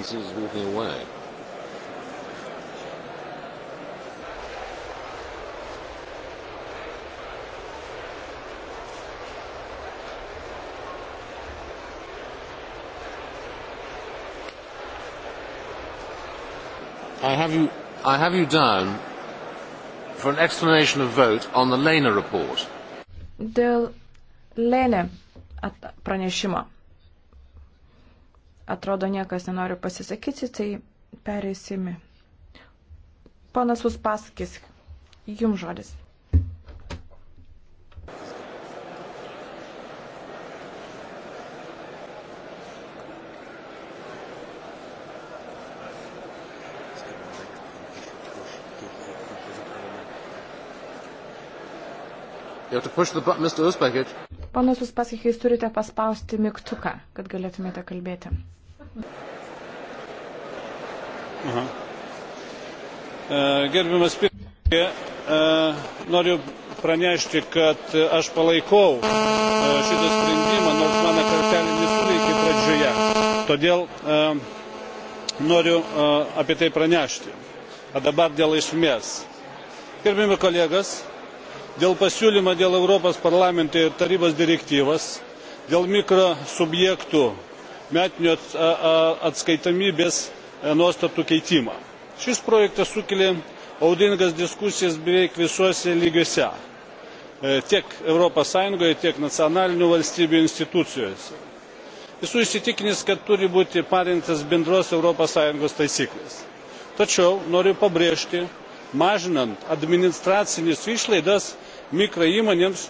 He sees us walking away. I have you, I have you down for an explanation of vote on the Lena report. Dėl Lene pranešimo. Atrodo, niekas nenori pasisakyti, tai pereisime. Ponas Uspaskis, jums žodis. Ponas Uspaskis, jūs turite paspausti mygtuką, kad galėtumėte kalbėti. E, gerbiamas pirmininkė, e, noriu pranešti, kad aš palaikau e, šitą sprendimą, nors mano kartelį nesuveikė pradžioje. Todėl noriu apie tai pranešti. O dabar dėl esmės. Gerbiami kolegas, dėl pasiūlymo dėl Europos parlamento ir tarybos direktyvos, dėl mikrosubjektų metinių atskaitomybės e, nuostatų keitimą. Šis projektas sukelia audringas diskusijas beveik visuose lygiuose e, tiek europos sąjungoje tiek nacionalinių valstybių institucijose. esu įsitikinęs kad turi būti parengtos bendros europos sąjungos taisyklės. tačiau noriu pabrėžti mažinant administracines išlaidas mikroįmonėms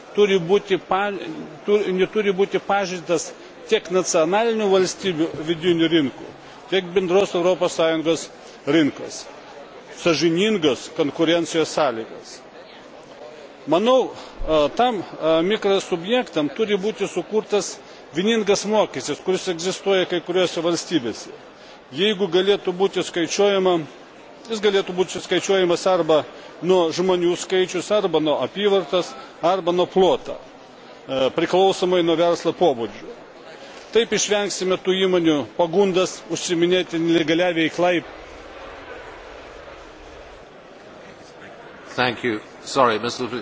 neturi būti pažeistas tiek nacionalinių valstybių vidinių rinkų tiek bendros europos sąjungos rinkos sąžiningos konkurencijos sąlygas. manau e, tam e, mikrosubjektams turi būti sukurtas vieningas mokestis kuris egzistuoja kai kuriose valstybėse. jeigu galėtų būti skaičiuojama jis galėtų būti skaičiuojamas arba nuo žmonių skaičiaus arba nuo apyvartos arba nuo ploto e, priklausomai nuo verslo pobūdžio taip išvengsime tų įmonių pagundos užsiiminėti nelegalia veikla. Thank you. Sorry, Mr. Lutfi.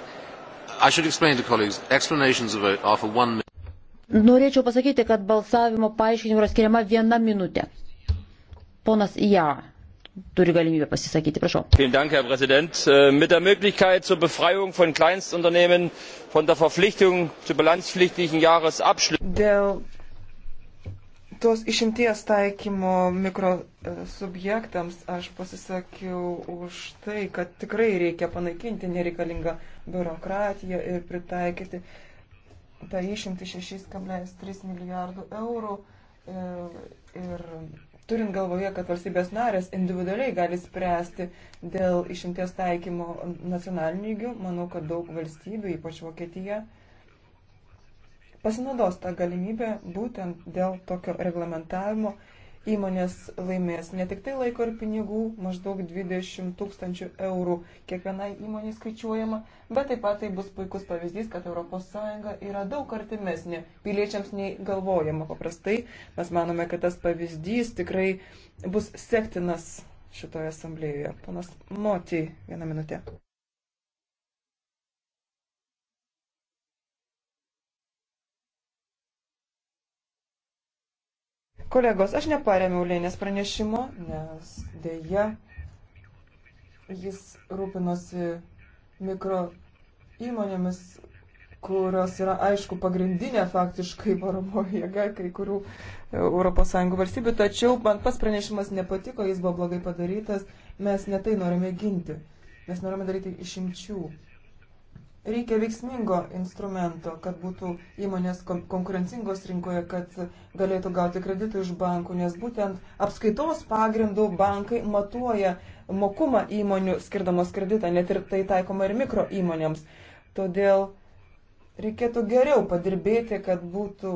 I should explain to colleagues. Explanations of vote are for one minute. Norėčiau pasakyti, kad balsavimo paaiškinimui yra skiriama viena minutė. Ponas Ja turi galimybę pasisakyti, prašau. Dank, Herr Präsident. Äh, mit der Möglichkeit zur Befreiung von Kleinstunternehmen von der Verpflichtung zu bilanzpflichtigen Jahresabschlüssen tos išimties taikymo mikrosubjektams e, aš pasisakiau už tai, kad tikrai reikia panaikinti nereikalingą biurokratiją ir pritaikyti tą išimtį 6,3 milijardų eurų. Ir, e, ir turint galvoje, kad valstybės narės individualiai gali spręsti dėl išimties taikymo nacionalinių lygių, manau, kad daug valstybių, ypač Vokietija, pasinaudos tą galimybę būtent dėl tokio reglamentavimo. Įmonės laimės ne tik tai laiko ir pinigų, maždaug 20 tūkstančių eurų kiekvienai įmonė skaičiuojama, bet taip pat tai bus puikus pavyzdys, kad ES yra daug artimesnė piliečiams nei galvojama paprastai. Mes manome, kad tas pavyzdys tikrai bus sektinas šitoje asamblėjoje. Panas Moti, vieną minutę. Kolegos, aš neparemiau Lėnės pranešimo, nes dėja jis rūpinosi mikro įmonėmis, kurios yra, aišku, pagrindinė faktiškai varomo jėga kai kurių ES valstybių, tačiau man pas pranešimas nepatiko, jis buvo blogai padarytas, mes netai norime ginti, mes norime daryti išimčių. Reikia veiksmingo instrumento, kad būtų įmonės konkurencingos rinkoje, kad galėtų gauti kreditų iš bankų, nes būtent apskaitos pagrindų bankai matuoja mokumą įmonių skirdamos kreditą, net ir tai taikoma ir mikro įmonėms. Todėl reikėtų geriau padirbėti, kad būtų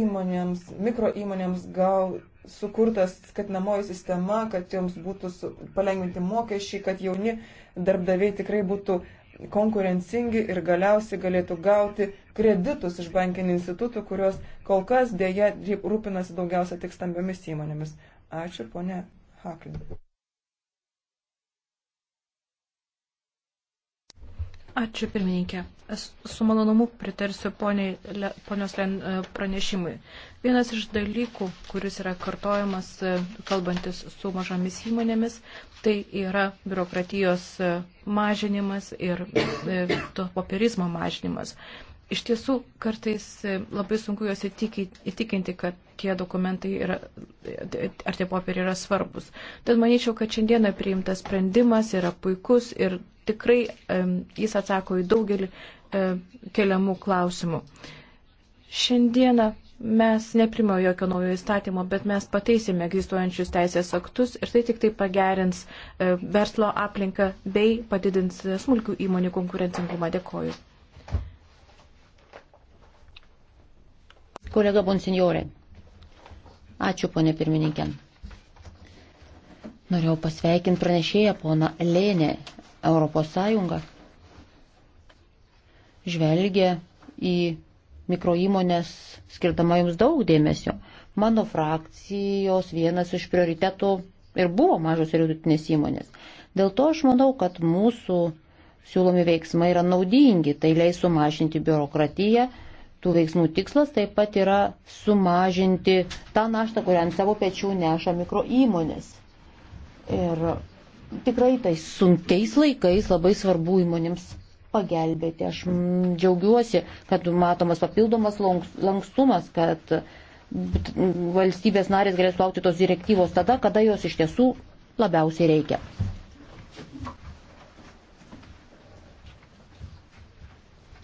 įmonėms, mikro įmonėms gal sukurtas skatinamoji sistema, kad joms būtų palengvinti mokesčiai, kad jauni darbdaviai tikrai būtų konkurencingi ir galiausiai galėtų gauti kreditus iš bankinių institutų, kurios kol kas dėja rūpinasi daugiausia tik stambiomis įmonėmis. Ačiū, ponė Haklin. Ačiū, pirmininkė. Su malonumu pritarsiu ponios Len e, pranešimui. Vienas iš dalykų, kuris yra kartojamas e, kalbantis su mažomis įmonėmis, tai yra biurokratijos e, mažinimas ir e, to popierizmo mažinimas. Iš tiesų, kartais labai sunku juos įtikinti, kad tie dokumentai yra, ar tie popieriai yra svarbus. Tad manyčiau, kad šiandieną priimtas sprendimas yra puikus ir tikrai jis atsako į daugelį keliamų klausimų. Šiandieną Mes neprimėjo jokio naujo įstatymo, bet mes pataisėme egzistuojančius teisės aktus ir tai tik tai pagerins e, verslo aplinką bei padidins smulkių įmonių konkurencingumą. Dėkoju. Kolega Bonsignorė. Ačiū, ponė pirmininkė. Norėjau pasveikinti pranešėją poną Lėnę. Europos Sąjunga žvelgia į mikroįmonės skirdama jums daug dėmesio. Mano frakcijos vienas iš prioritetų ir buvo mažos ir vidutinės įmonės. Dėl to aš manau, kad mūsų siūlomi veiksmai yra naudingi, tai leis sumažinti biurokratiją. Tų veiksmų tikslas taip pat yra sumažinti tą naštą, kurią ant savo pečių neša mikroįmonės. Ir tikrai tais sunkiais laikais labai svarbu įmonėms pagelbėti. Aš mm, džiaugiuosi, kad matomas papildomas lankstumas, kad valstybės narės galės laukti tos direktyvos tada, kada jos iš tiesų labiausiai reikia.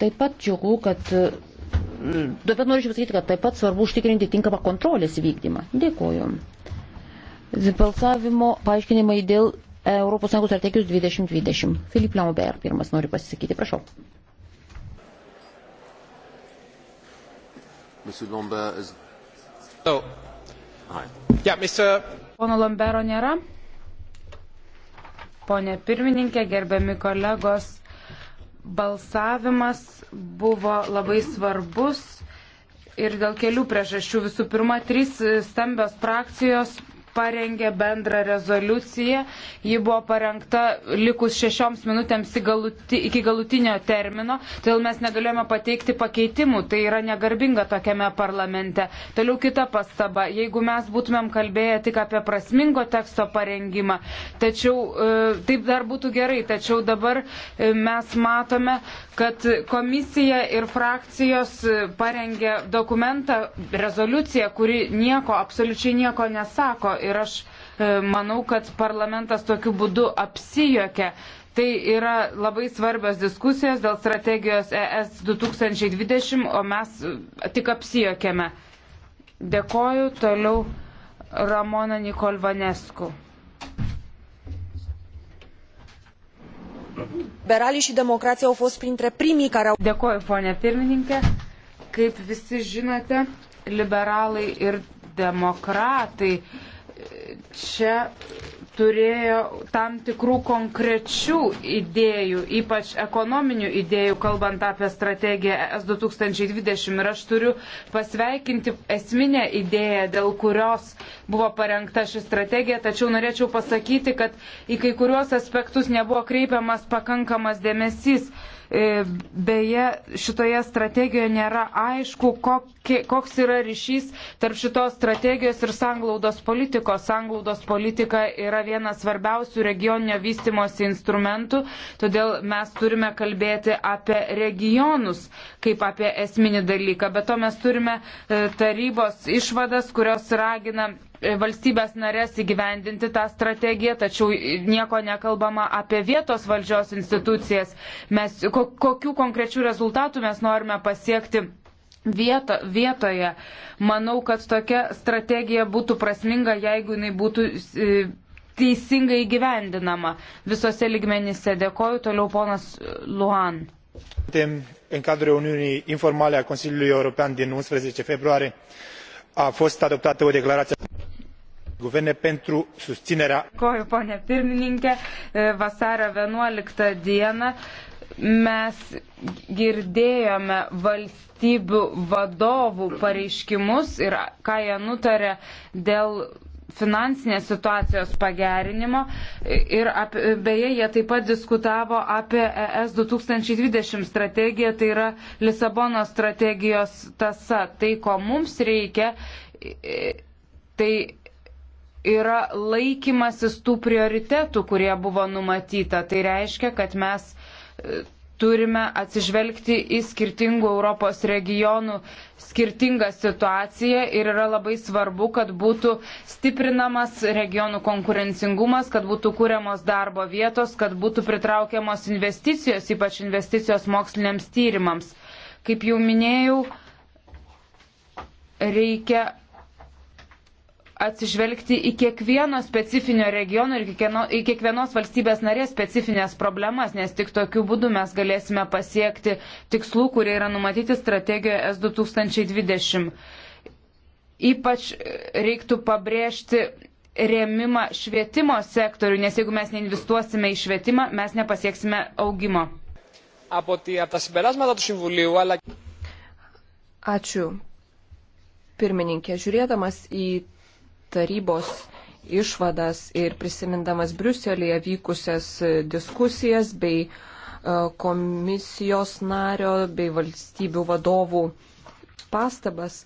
Taip pat džiugu, kad. Taip e, pat norėčiau pasakyti, kad taip pat svarbu užtikrinti tinkamą kontrolės vykdymą. Dėkuoju. Balsavimo paaiškinimai dėl ES strategijos 2020. Filip Lambert pirmas nori pasisakyti, prašau. Is... Oh. Yeah, Mr... Pono Lambero nėra. Pone pirmininkė, gerbiami kolegos, balsavimas buvo labai svarbus ir dėl kelių priežasčių. Visų pirma, trys stambios frakcijos parengė bendrą rezoliuciją. Ji buvo parengta likus šešioms minutėms iki galutinio termino, todėl mes negalėjome pateikti pakeitimų. Tai yra negarbinga tokiame parlamente. Toliau kita pastaba. Jeigu mes būtumėm kalbėję tik apie prasmingo teksto parengimą, tačiau e, taip dar būtų gerai, tačiau dabar e, mes matome, kad komisija ir frakcijos e, parengė dokumentą, rezoliuciją, kuri nieko, absoliučiai nieko nesako ir aš e, manau, kad parlamentas tokiu būdu apsijokia. Tai yra labai svarbios diskusijos dėl strategijos ES 2020, o mes e, tik apsijokėme. Dėkoju toliau Ramona Nikolvanesku. liberalii și democrații au fost printre primii care au... Dėkuoju, ponė pirmininkė. Kaip visi žinote, liberalai ir demokratai čia turėjo tam tikrų konkrečių idėjų, ypač ekonominių idėjų, kalbant apie strategiją e S 2020. Ir aš turiu pasveikinti esminę idėją, dėl kurios buvo parengta ši strategija, tačiau norėčiau pasakyti, kad į kai kuriuos aspektus nebuvo kreipiamas pakankamas dėmesys. E, beje, šitoje strategijoje nėra aišku, kokia koks yra ryšys tarp šitos strategijos ir sanglaudos politikos. Sanglaudos politika yra vienas svarbiausių regioninio vystimosi instrumentų, todėl mes turime kalbėti apie regionus kaip apie esminį dalyką. Be to mes turime e, tarybos išvadas, kurios ragina e, valstybės narės įgyvendinti tą strategiją, tačiau nieko nekalbama apie vietos valdžios institucijas. Mes, ko, kokių konkrečių rezultatų mes norime pasiekti vieto, vietoje. Manau, kad tokia strategija būtų prasminga, jeigu jinai būtų e, teisingai gyvendinama visose ligmenyse. Dėkoju toliau ponas Luan. În cadrul reuniunii informale a Consiliului European din 11 februarie a fost adoptată o declarație guverne pentru susținerea. Dėkoju, ponė pirmininkė. E, Vasario 11 dieną mes girdėjome valstybių vadovų pareiškimus ir ką jie nutarė dėl finansinės situacijos pagerinimo ir ap, beje jie taip pat diskutavo apie ES 2020 strategiją, tai yra Lisabono strategijos tasa. Tai, ko mums reikia, tai yra laikymasis tų prioritetų, kurie buvo numatyta. Tai reiškia, kad mes turime atsižvelgti į skirtingų Europos regionų skirtingą situaciją ir yra labai svarbu, kad būtų stiprinamas regionų konkurencingumas, kad būtų kūriamos darbo vietos, kad būtų pritraukiamos investicijos, ypač investicijos moksliniams tyrimams. Kaip jau minėjau, reikia atsižvelgti į kiekvieno specifinio regiono ir kiekvieno, į kiekvienos valstybės narės specifinės problemas, nes tik tokiu būdu mes galėsime pasiekti tikslų, kurie yra numatyti strategijoje S2020. Ypač reiktų pabrėžti rėmimą švietimo sektorių, nes jeigu mes neinvestuosime į švietimą, mes nepasieksime augimo. Ačiū. Pirmininkė, žiūrėdamas į tarybos išvadas ir prisimindamas Briuselėje vykusias e, diskusijas bei e, komisijos nario bei valstybių vadovų pastabas.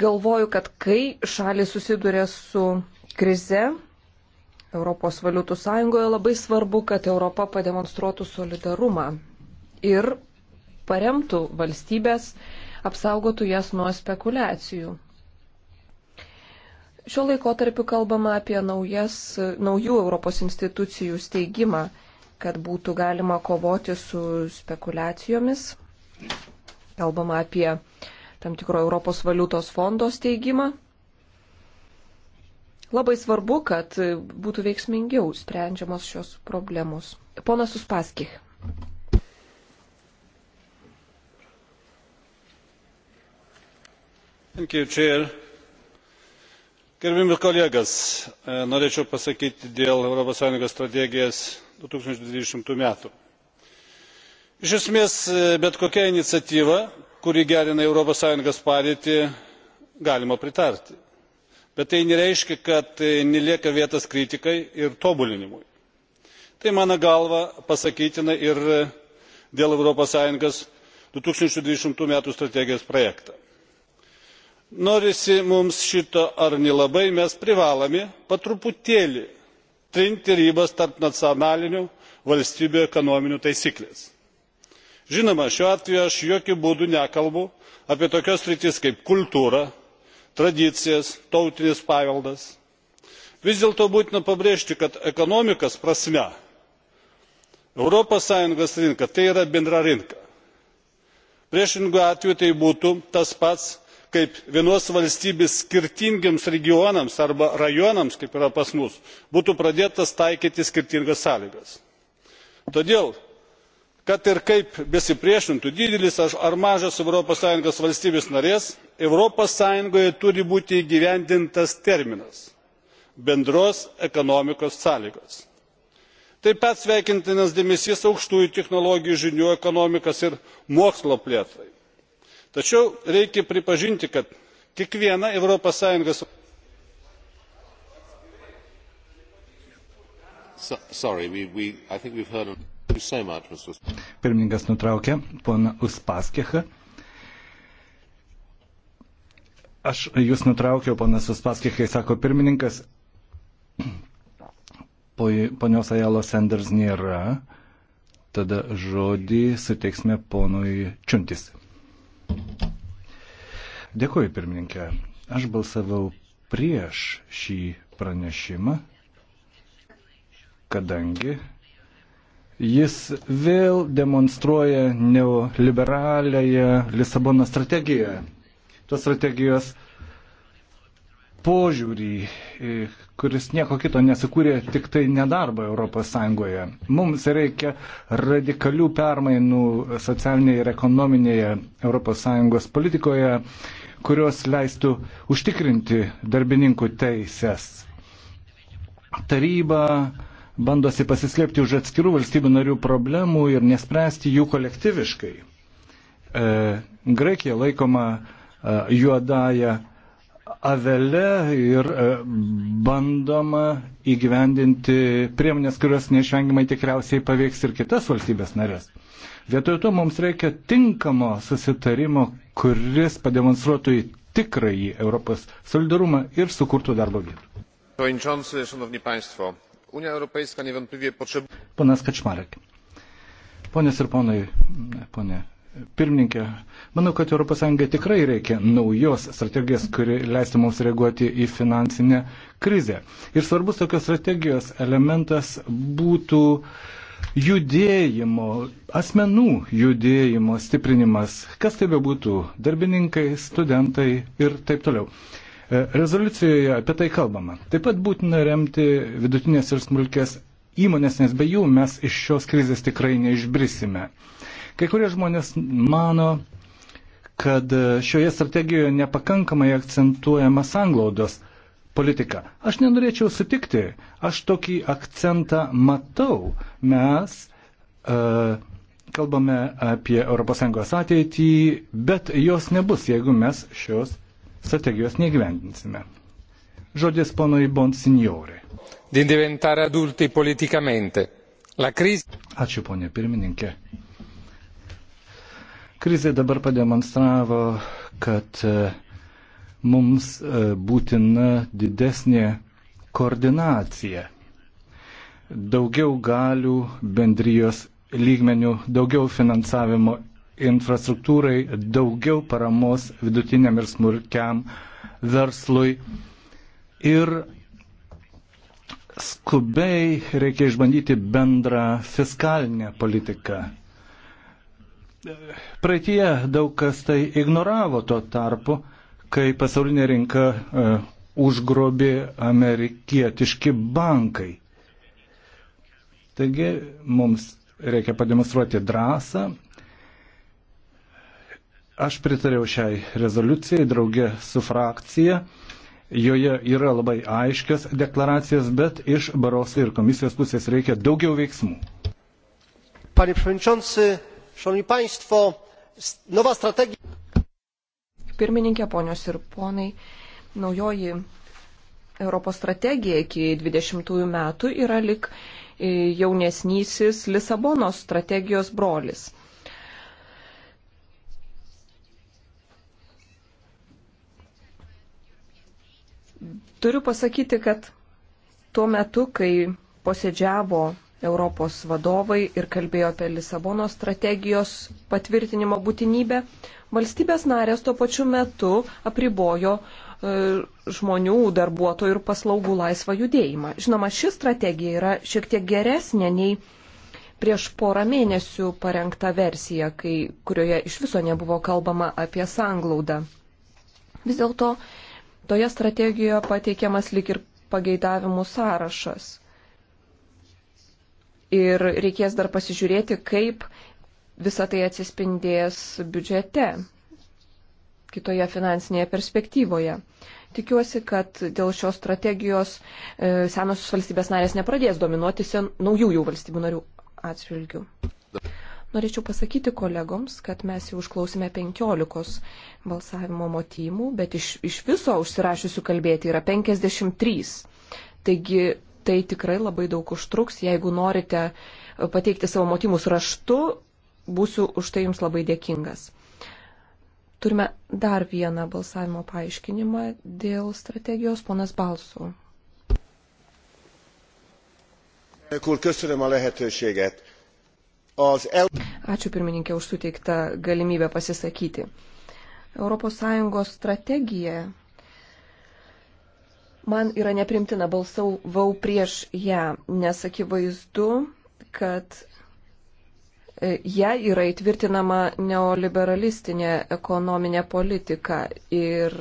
Galvoju, kad kai šalis susiduria su krize Europos valiutų sąjungoje, labai svarbu, kad Europa pademonstruotų solidarumą ir paremtų valstybės, uh, apsaugotų jas nuo spekulacijų. Šiuo laikotarpiu kalbama apie naujas, naujų Europos institucijų steigimą, kad būtų galima kovoti su spekulacijomis. Kalbama apie tam tikro Europos valiutos fondo steigimą. Labai svarbu, kad būtų veiksmingiau sprendžiamos šios problemos. Ponas Uspaskich. gerbiami kolegos e, norėčiau pasisakyti dėl europos sąjungos strategijos du tūkstančiai dvidešimt metų. iš esmės e, bet kokiai iniciatyvai kuri gerina europos sąjungos padėtį galima pritarti bet tai nereiškia kad tai nelieka vietos kritikai ir tobulinimui. tai mano galva pasakytina ir dėl europos sąjungos du tūkstančiai dvidešimt metų strategijos projekto norisi mums šito ar nelabai mes privalome po truputėlį trinti ribas tarp nacionalinių valstybių ekonominių taisyklių. žinoma šiuo atveju aš jokiu būdu nekalbu apie tokias sritis kaip kultūra tradicijos tautinis paveldas. vis dėlto būtina pabrėžti kad ekonomikos prasme europos sąjungos rinka tai yra bendra rinka. priešingu atveju tai būtų tas pats kaip vienos valstybės skirtingiems regionams arba rajonams kaip yra pas mus būtų pradėtos taikyti skirtingos sąlygos. todėl kad ir kaip besipriešintų didelės ar mažos europos sąjungos valstybės narės europos sąjungoje turi būti įgyvendintas terminas bendros ekonomikos sąlygos. taip pat sveikintinas dėmesys aukštųjų technologijų žinių ekonomikos ir mokslo plėtrai tačiau reikia pripažinti kad kiekviena europos sąjungos Pirmininkas nutraukė poną Uspaskechą. Aš jūs nutraukiau, ponas Uspaskechai, sako pirmininkas. Ponios Ajalo Sanders nėra. Tada žodį suteiksime ponui Čiuntis. Dėkuoju, pirmininkė. Aš balsavau prieš šį pranešimą, kadangi jis vėl demonstruoja neoliberaliąją Lisabono strategiją. Tos strategijos požiūrį, e, kuris nieko kito nesikūrė, tik tai nedarbą ES. Mums reikia radikalių permainų socialinėje ir ekonominėje ES politikoje, kurios leistų užtikrinti darbininkų teises. Taryba bandosi pasislėpti už atskirų valstybių narių problemų ir nespręsti jų kolektyviškai. E, Graikija laikoma e, juodąją avele ir e, bandoma įgyvendinti priemonės, kurios neišvengiamai tikriausiai paveiks ir kitas valstybės narės. Vietoj to mums reikia tinkamo susitarimo, kuris pademonstruotų į tikrąjį Europos solidarumą ir sukurtų darbo vietų. Ponas Kačmarek. Ponės ir ponai, ponė pirmininkė, manau, kad ES tikrai reikia naujos strategijos, kuri leistų mums reaguoti į finansinę krizę. Ir svarbus tokios strategijos elementas būtų uh, judėjimo, asmenų judėjimo stiprinimas, kas tai bebūtų, darbininkai, studentai ir taip toliau. E, rezoliucijoje apie tai kalbama. Taip pat būtina remti vidutinės ir smulkės įmonės, nes be jų mes iš šios krizės tikrai neišbrisime. Kai kurie žmonės mano, kad šioje strategijoje nepakankamai akcentuojamas anglaudos politiką. Aš nenorėčiau sutikti, aš tokį akcentą matau. Mes e, kalbame apie ES ateitį, bet jos nebus, jeigu mes šios strategijos negyvendinsime. Žodis ponui Bonsignore. Di diventare adulti politikamente. La kriz... Ačiū, ponė pirmininkė. Krizė dabar pademonstravo, kad uh, mums e, būtina didesnė koordinacija, daugiau galių bendrijos lygmenių, daugiau finansavimo infrastruktūrai, daugiau paramos vidutiniam ir smulkiam verslui. Ir skubiai reikia išbandyti bendrą fiskalinę politiką. Praeitie daug kas tai ignoravo tuo tarpu, kai pasaulinė rinka e, užgrobė amerikietiški bankai. Taigi mums reikia pademonstruoti drąsą. Aš pritariau šiai rezoliucijai draugė su frakcija. Joje yra labai aiškios deklaracijas, bet iš Baroso ir komisijos pusės reikia daugiau veiksmų. Panie Przewodniczący, Szanowni Państwo, nowa strategija pirmininkė, ponios ir ponai. Naujoji Europos strategija iki 20 metų yra lik e, jaunesnysis Lisabonos strategijos brolis. Turiu pasakyti, kad tuo metu, kai posėdžiavo Europos vadovai ir kalbėjo apie Lisabono strategijos patvirtinimo būtinybę, valstybės narės tuo pačiu metu apribojo e, žmonių, darbuotojų ir paslaugų laisvą judėjimą. Žinoma, ši strategija yra šiek tiek geresnė nei prieš porą mėnesių parengta versija, kai, kurioje iš viso nebuvo kalbama apie sanglaudą. Vis dėlto toje strategijoje pateikiamas lik ir pageidavimų sąrašas ir reikės dar pasižiūrėti, kaip visą tai atsispindės biudžete kitoje finansinėje perspektyvoje. Tikiuosi, kad dėl šios strategijos e, senosios valstybės narės nepradės dominuoti naujųjų valstybių narių atžvilgių. Norėčiau pasakyti kolegoms, kad mes jau užklausime 15 balsavimo motyvų, bet iš, iš viso užsirašysiu kalbėti yra 53. Taigi tai tikrai labai daug užtruks. Jeigu norite pateikti savo motymus raštu, būsiu už tai jums labai dėkingas. Turime dar vieną balsavimo paaiškinimą dėl strategijos ponas Balsų. Ačiū pirmininkė už suteiktą galimybę pasisakyti. ES strategija man yra neprimtina balsavau prieš ją, nes akivaizdu, kad e, ją yra įtvirtinama neoliberalistinė ekonominė politika ir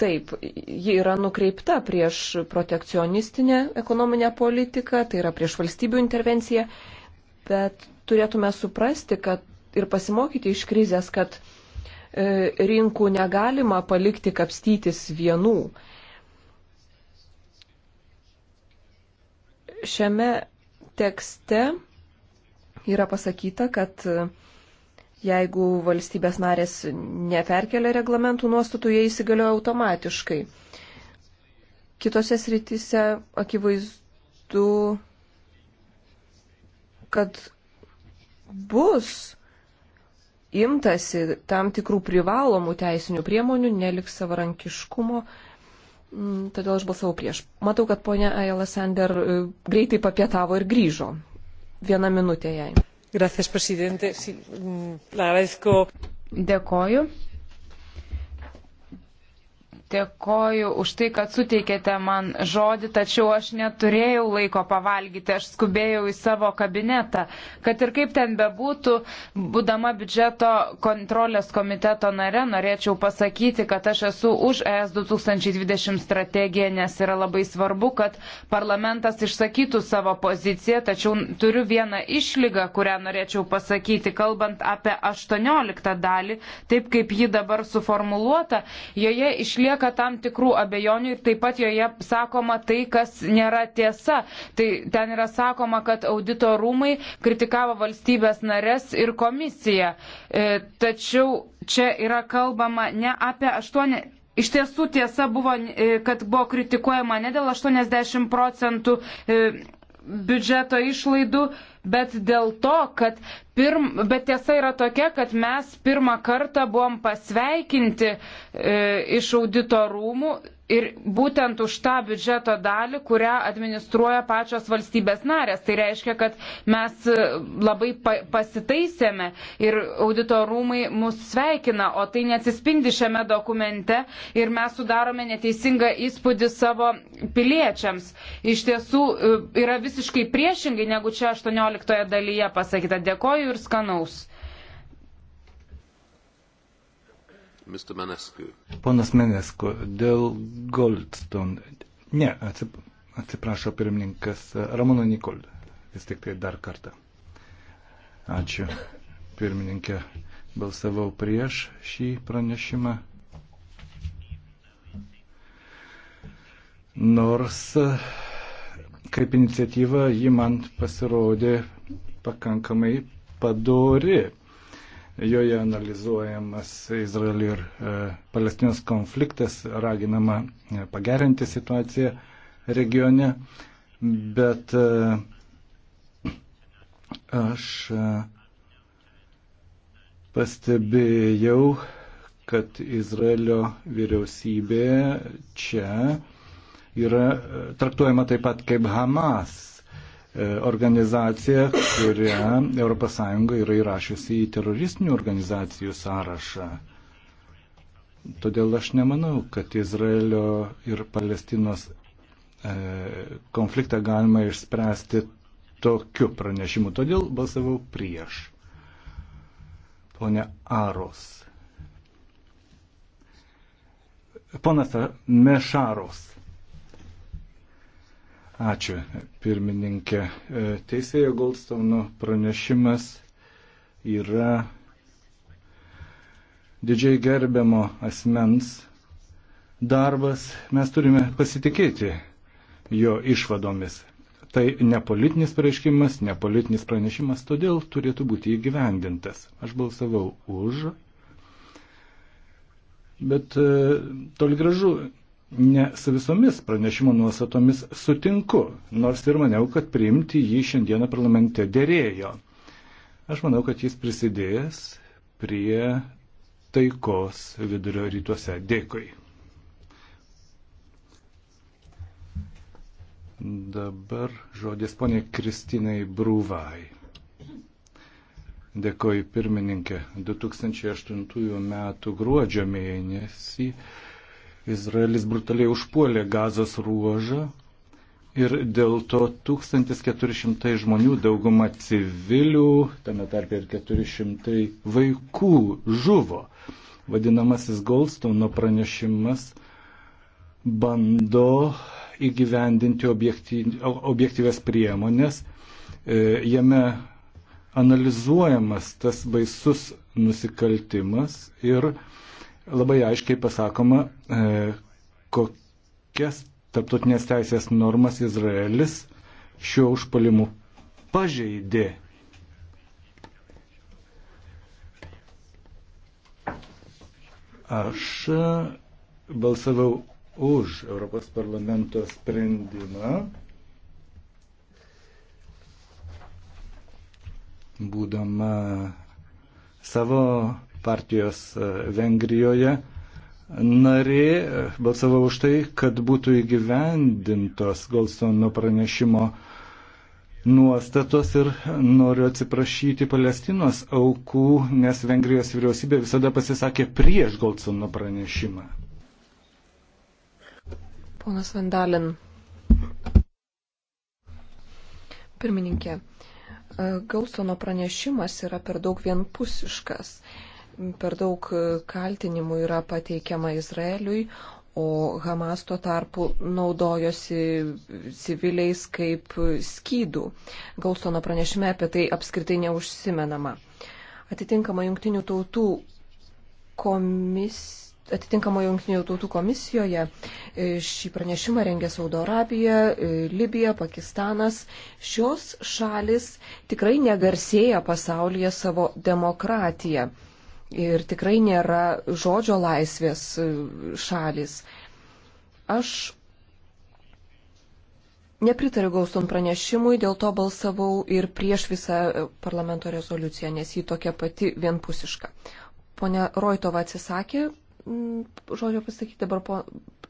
taip, ji yra nukreipta prieš protekcionistinę ekonominę politiką, tai yra prieš valstybių intervenciją, bet turėtume suprasti, kad ir pasimokyti iš krizės, kad e, rinkų negalima palikti kapstytis vienų. Šiame tekste yra pasakyta, kad jeigu valstybės narės neperkelia reglamentų nuostatų, jie įsigalioja automatiškai. Kitose srityse akivaizdu, kad bus imtasi tam tikrų privalomų teisinių priemonių, neliks savarankiškumo Mm, todėl aš balsavau prieš. Matau, kad ponia Ayala Sander e, greitai papietavo ir grįžo. Viena minutė jai. Gracias, presidente. Sí, mm, la agradezco. Dėkoju. Dėkoju už tai, kad suteikėte man žodį, tačiau aš neturėjau laiko pavalgyti, aš skubėjau į savo kabinetą. Kad ir kaip ten bebūtų, būdama biudžeto kontrolės komiteto nare, norėčiau pasakyti, kad aš esu už ES 2020 strategiją, nes yra labai svarbu, kad parlamentas išsakytų savo poziciją, tačiau turiu vieną išlygą, kurią norėčiau pasakyti, kalbant apie 18 dalį, taip kaip ji dabar suformuluota, joje išlieka išlieka tam tikrų abejonių ir taip pat joje sakoma tai, kas nėra tiesa. Tai ten yra sakoma, kad audito rūmai kritikavo valstybės narės ir komisiją. E, tačiau čia yra kalbama ne apie 8. Iš tiesų tiesa buvo, e, kad buvo kritikuojama ne dėl 80 procentų e, biudžeto išlaidų, bet dėl to, kad pirm, bet tiesa yra tokia, kad mes pirmą kartą buvom pasveikinti e, iš audito rūmų ir būtent už tą biudžeto dalį, kurią administruoja pačios valstybės narės. Tai reiškia, kad mes e, labai pa pasitaisėme ir audito rūmai mus sveikina, o tai neatsispindi šiame dokumente ir mes sudarome neteisingą įspūdį savo piliečiams. Iš tiesų e, yra visiškai priešingai, negu čia 18 dalyje pasakyta. Dėkoju dėkoju ir skanaus. Menesku. Ponas Menesku, dėl Goldstone. Ne, atsiprašo pirmininkas e, Ramono Nikol. Vis tik tai dar kartą. Ačiū, pirmininkė. Balsavau prieš šį pranešimą. Nors e, kaip iniciatyva ji man pasirodė pakankamai padori. Joje analizuojamas Izraelio ir e, Palestinos konfliktas, raginama e, pagerinti situaciją regione, bet e, aš pastebėjau, kad Izraelio vyriausybė čia yra traktuojama taip pat kaip Hamas. E, organizacija, kurią ES yra įrašiusi į teroristinių organizacijų sąrašą. Todėl aš nemanau, kad Izraelio ir Palestinos e, konfliktą galima išspręsti tokiu pranešimu. Todėl balsavau prieš. Pone Aros. Ponas Mešaros. Ačiū, pirmininkė. E, Teisėjo Goldstauno pranešimas yra didžiai gerbiamo asmens darbas. Mes turime pasitikėti jo išvadomis. Tai ne politinis pareiškimas, ne politinis pranešimas, todėl turėtų būti įgyvendintas. Aš balsavau už, bet e, toli gražu ne su visomis pranešimo nuostatomis sutinku, nors ir maniau, kad priimti jį šiandieną parlamente dėrėjo. Aš manau, kad jis prisidėjęs prie taikos vidurio rytuose. Dėkui. Dabar žodis ponė Kristinai Brūvai. Dėkoju pirmininkė. 2008 m. gruodžio mėnesį Izraelis brutaliai užpuolė gazos ruožą ir dėl to 1400 žmonių, dauguma civilių, tame tarpe ir 400 vaikų žuvo. Vadinamasis Goldstone pranešimas bando įgyvendinti objektyves priemonės. E, jame analizuojamas tas baisus nusikaltimas ir uh, labai aiškiai pasakoma, e, kokias tarptautinės teisės normas Izraelis šiuo užpalimu pažeidė. Aš balsavau už Europos parlamento sprendimą, būdama savo partijos e, Vengrijoje narė e, balsavo už tai, kad būtų įgyvendintos Goldstono pranešimo nuostatos ir noriu atsiprašyti Palestinos aukų, nes Vengrijos vyriausybė visada pasisakė prieš Goldstono pranešimą. Ponas Vandalin. Pirmininkė, e, Goldstono pranešimas yra per daug vienpusiškas per daug e, kaltinimų yra pateikiama Izraeliui, o Hamas tuo tarpu naudojosi civiliais kaip skydų. Galstono pranešime apie tai apskritai neužsimenama. Atitinkama jungtinių tautų komisija atitinkamo jungtinių tautų komisijoje. E, šį pranešimą rengė Saudo Arabija, e, Libija, Pakistanas. Šios šalis tikrai negarsėja pasaulyje savo demokratiją ir tikrai nėra žodžio laisvės e, šalis. Aš nepritariu Gauston pranešimui, dėl to balsavau ir prieš visą e, parlamento rezoliuciją, nes ji tokia pati vienpusiška. Pone Roitova atsisakė žodžio pasakyti dabar, po,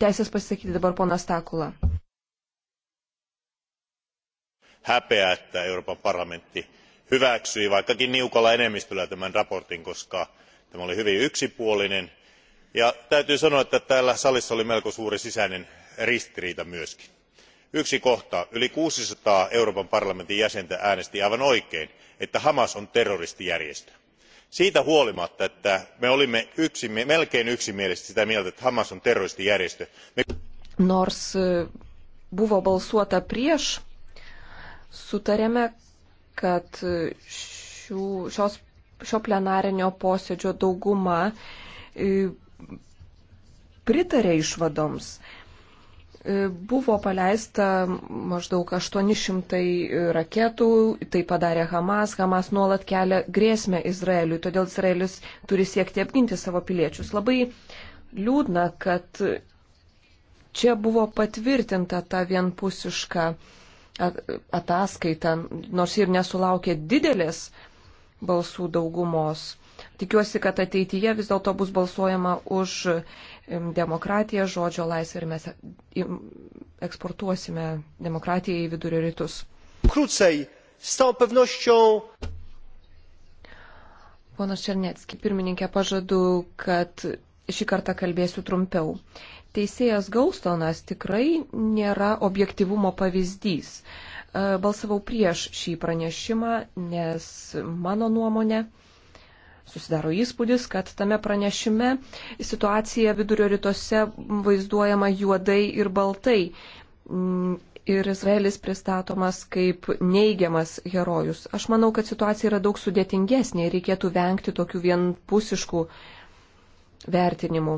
teisės pasakyti dabar pona Stakula. Häpeä, että Euroopan parlamentti hyväksyi vaikkakin niukalla enemmistöllä tämän raportin, koska tämä oli hyvin yksipuolinen ja täytyy sanoa että täällä salissa oli melko suuri sisäinen ristiriita myös. yksi kohta yli kuusisataa euroopan parlamentin jäsentä äänesti aivan oikein että hamas on terroristijärjestö. siitä huolimatta että me olimme melkein yksimielisesti sitä mieltä että hamas on terroristijärjestö me nors e, buvo balsuota prieš sutarėme kad e, šių, šios šio plenarinio posėdžio dauguma e, pritarė išvadoms. E, buvo paleista maždaug 800 raketų, tai padarė Hamas. Hamas nuolat kelia grėsmę Izraeliui, todėl Izraelis turi siekti apginti savo piliečius. Labai liūdna, kad čia buvo patvirtinta ta vienpusiška ataskaita, nors ir nesulaukė didelės balsų daugumos. Tikiuosi, kad ateityje vis dėlto bus balsuojama už demokratiją, žodžio laisvę ir mes eksportuosime demokratiją į vidurio rytus. Krucei, su całą pewnością. Ponas Černetski, pirmininkė, pažadu, kad šį kartą kalbėsiu trumpiau. Teisėjas Gaustonas tikrai nėra objektivumo pavyzdys. Uh, E, balsavau prieš šį pranešimą, nes mano nuomonė susidaro įspūdis, kad tame pranešime situacija vidurio rytuose vaizduojama juodai ir baltai. Mm, ir Izraelis pristatomas kaip neigiamas herojus. Aš manau, kad situacija yra daug sudėtingesnė ir reikėtų vengti tokių vienpusiškų vertinimų.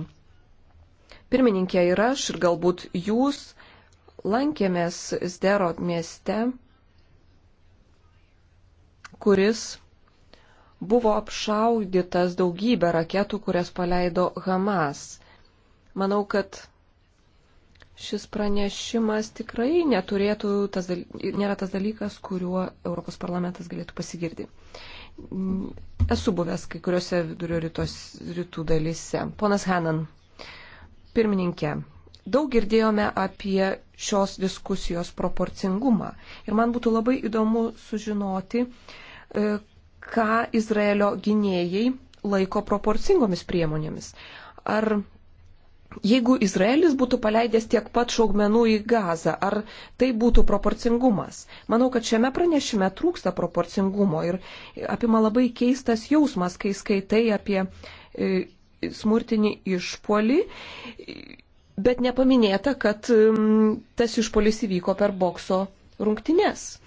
Pirmininkė ir aš, ir galbūt jūs lankėmės Zdero mieste, kuris buvo apšaudytas daugybę raketų, kurias paleido Hamas. Manau, kad šis pranešimas tikrai neturėtų, tas, nėra tas dalykas, kuriuo Europos parlamentas galėtų pasigirti. Esu buvęs kai kuriuose vidurio rytos, rytų dalise. Ponas Hanan, pirmininkė, daug girdėjome apie šios diskusijos proporcingumą. Ir man būtų labai įdomu sužinoti, e, ką Izraelio gynėjai laiko proporcingomis priemonėmis. Ar jeigu Izraelis būtų paleidęs tiek pat šaugmenų į gazą, ar tai būtų proporcingumas? Manau, kad šiame pranešime trūksta proporcingumo ir apima labai keistas jausmas, kai skaitai apie e, smurtinį išpolį bet nepaminėta, kad um, tas išpolis įvyko per bokso rungtynes.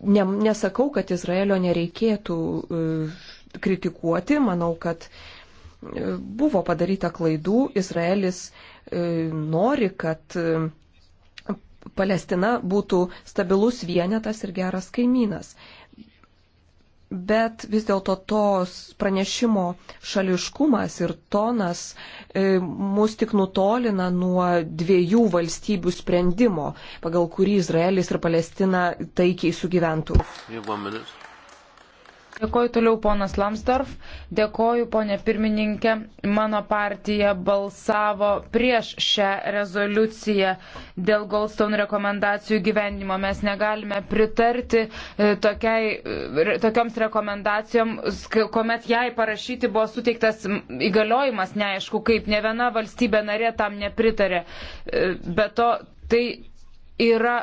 Ne, nesakau, kad Izraelio nereikėtų uh, kritikuoti, manau, kad uh, buvo padaryta klaidų, Izraelis uh, nori, kad Palestina būtų stabilus vienetas ir geras kaimynas. Bet vis dėlto tos pranešimo šališkumas ir tonas e, mus tik nutolina nuo dviejų valstybių sprendimo, pagal kurį Izraelis ir Palestina taikiai sugyventų. Yeah, Dėkoju toliau ponas Lamsdorf, dėkoju ponė pirmininkė, mano partija balsavo prieš šią rezoliuciją dėl Goldstone rekomendacijų gyvenimo. Mes negalime pritarti e, tokiai, e, tokioms rekomendacijoms, kuomet jai parašyti buvo suteiktas įgaliojimas, neaišku, kaip ne viena valstybė narė tam nepritarė. E, be to, tai yra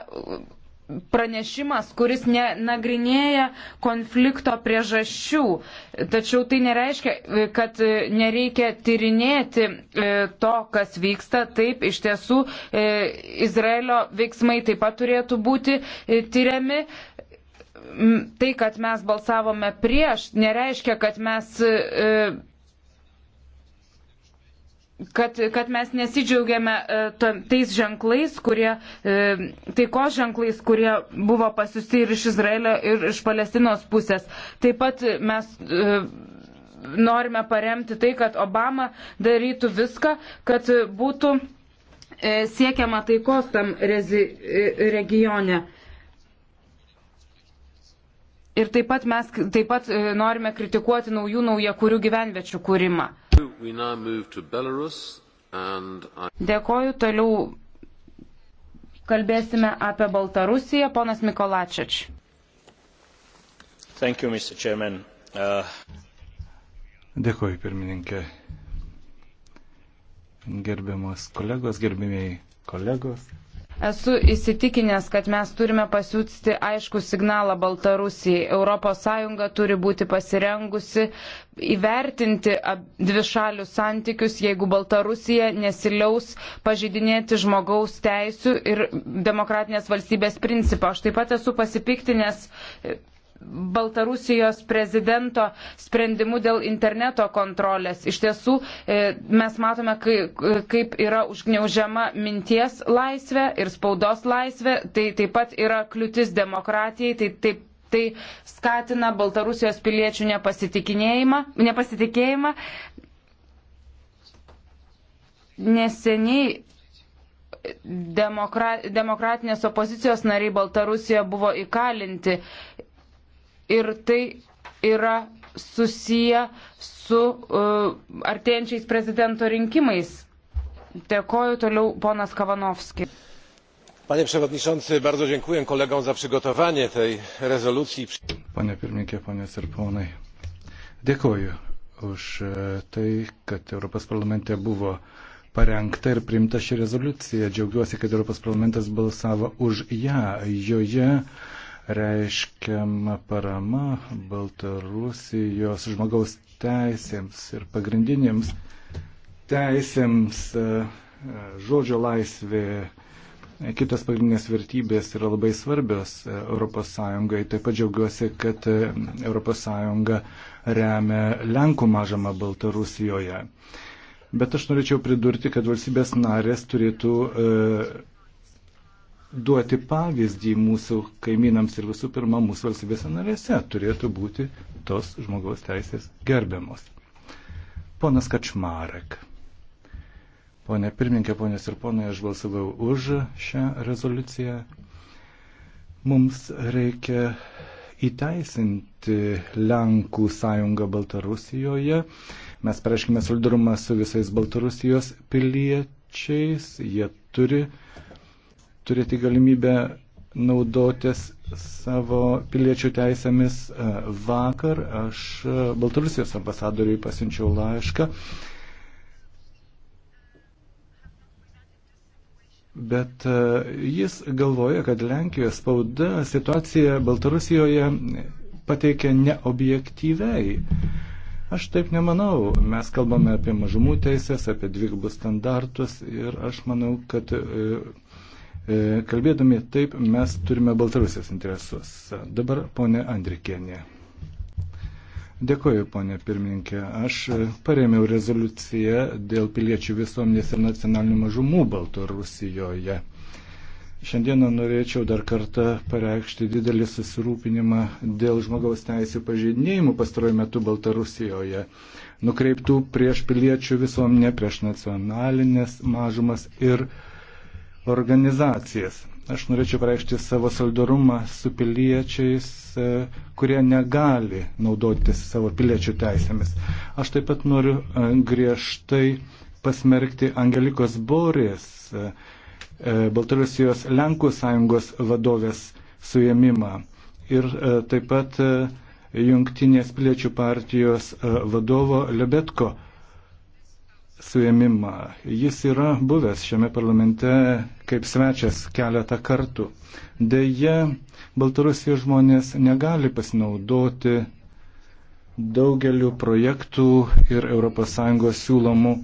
pranešimas, kuris nenagrinėja konflikto priežasčių. Tačiau tai nereiškia, kad nereikia tyrinėti e, to, kas vyksta. Taip, iš tiesų, e, Izraelio veiksmai taip pat turėtų būti e, tyriami. Tai, kad mes balsavome prieš, nereiškia, kad mes kad, kad mes nesidžiaugiame e, tais ženklais, kurie, e, taikos ženklais, kurie buvo pasiusti ir iš Izraelio, ir iš Palestinos pusės. Taip pat mes e, norime paremti tai, kad Obama darytų viską, kad būtų siekiama taikos tam regione. Ir taip pat mes taip pat e, norime kritikuoti naujų naujakurių gyvenviečių kūrimą. Dėkoju, toliau kalbėsime apie Baltarusiją, ponas Mikolačič. Thank you, Mr. Chairman. Uh... Dėkoju, pirmininkė. Gerbiamas kolegos, gerbimiai kolegos. Esu įsitikinęs, kad mes turime pasiūsti aišku signalą Baltarusijai. ES turi būti pasirengusi įvertinti dvišalius santykius, jeigu Baltarusija nesiliaus pažydinėti žmogaus teisų ir demokratinės valstybės principą. Aš taip pat esu pasipiktinęs Baltarusijos prezidento sprendimu dėl interneto kontrolės. Iš tiesų, e, mes matome, kaip yra užgneužiama minties laisvė ir spaudos laisvė, tai taip pat yra kliūtis demokratijai, tai taip Tai skatina Baltarusijos piliečių nepasitikėjimą. Neseniai demokra, demokratinės opozicijos nariai Baltarusijoje buvo įkalinti ir tai yra susiję su uh, artėjančiais prezidento rinkimais. Dėkoju toliau ponas Kavanovski. Panie przewodniczący, bardzo dziękuję kolegom za przygotowanie tej rezolucji. Panie pirmininkė, ponės ir ponai, dėkoju už e, tai, kad Europos parlamente buvo parengta ir priimta ši rezoliucija. Džiaugiuosi, kad Europos parlamentas balsavo už ją. Joje uh, reiškiama parama Baltarusijos žmogaus teisėms ir pagrindinėms teisėms, e, e, žodžio laisvė, e, kitas pagrindinės vertybės yra labai svarbios ES. Taip pat džiaugiuosi, kad ES remia Lenkų mažamą Baltarusijoje. Bet aš norėčiau pridurti, kad valstybės narės turėtų duoti pavyzdį mūsų kaimynams ir visų pirma mūsų valstybėse narėse turėtų būti tos žmogaus teisės gerbiamos. Ponas Kačmarek. Pone pirmininkė, ponės ir ponai, aš balsavau už šią rezoliuciją. Mums reikia įteisinti Lenkų sąjungą Baltarusijoje. Mes pareiškime solidarumą su visais Baltarusijos piliečiais. Jie turi uh, turėti galimybę naudotis savo piliečių teisėmis. E, vakar aš e, Baltarusijos ambasadoriui pasiunčiau laišką, bet e, jis galvoja, kad Lenkijos spauda situaciją Baltarusijoje pateikia neobjektyviai. Aš taip nemanau. Mes kalbame apie mažumų teisės, apie dvigubus standartus ir aš manau, kad E, kalbėdami taip, mes turime Baltarusijos interesus. Dabar ponė Andrikienė. Dėkoju, ponė pirmininkė. Aš paremiau rezoliuciją dėl piliečių visuomenės ir nacionalinių mažumų Baltarusijoje. Šiandieną norėčiau dar kartą pareikšti didelį susirūpinimą dėl žmogaus teisų pažeidinėjimų pastaruoju metu Baltarusijoje, nukreiptų prieš piliečių visuomenę, prieš nacionalinės mažumas ir uh, organizacijas. Aš norėčiau pareikšti savo solidarumą su piliečiais, e, kurie negali naudotis savo piliečių teisėmis. Aš taip pat noriu e, griežtai pasmerkti Angelikos Borės, e, Baltarusijos Lenkų sąjungos vadovės suėmimą ir taip pat Jungtinės piliečių partijos vadovo Lebetko suėmimą. Jis yra buvęs šiame parlamente kaip svečias keletą kartų. Deja, Baltarusijos žmonės negali pasinaudoti daugeliu projektų ir ES siūlomų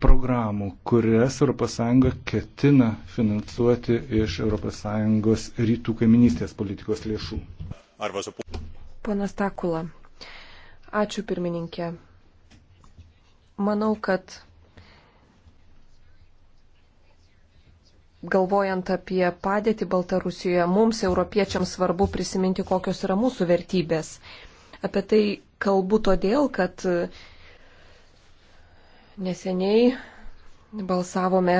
programų, kurias ES ketina finansuoti iš ES rytų kaiminystės politikos lėšų. Arba su. Ponas Takula, Ačiū pirmininkė. Manau, kad galvojant apie padėtį Baltarusijoje, mums, europiečiams, svarbu prisiminti, kokios yra mūsų vertybės. Apie tai kalbu todėl, kad neseniai balsavome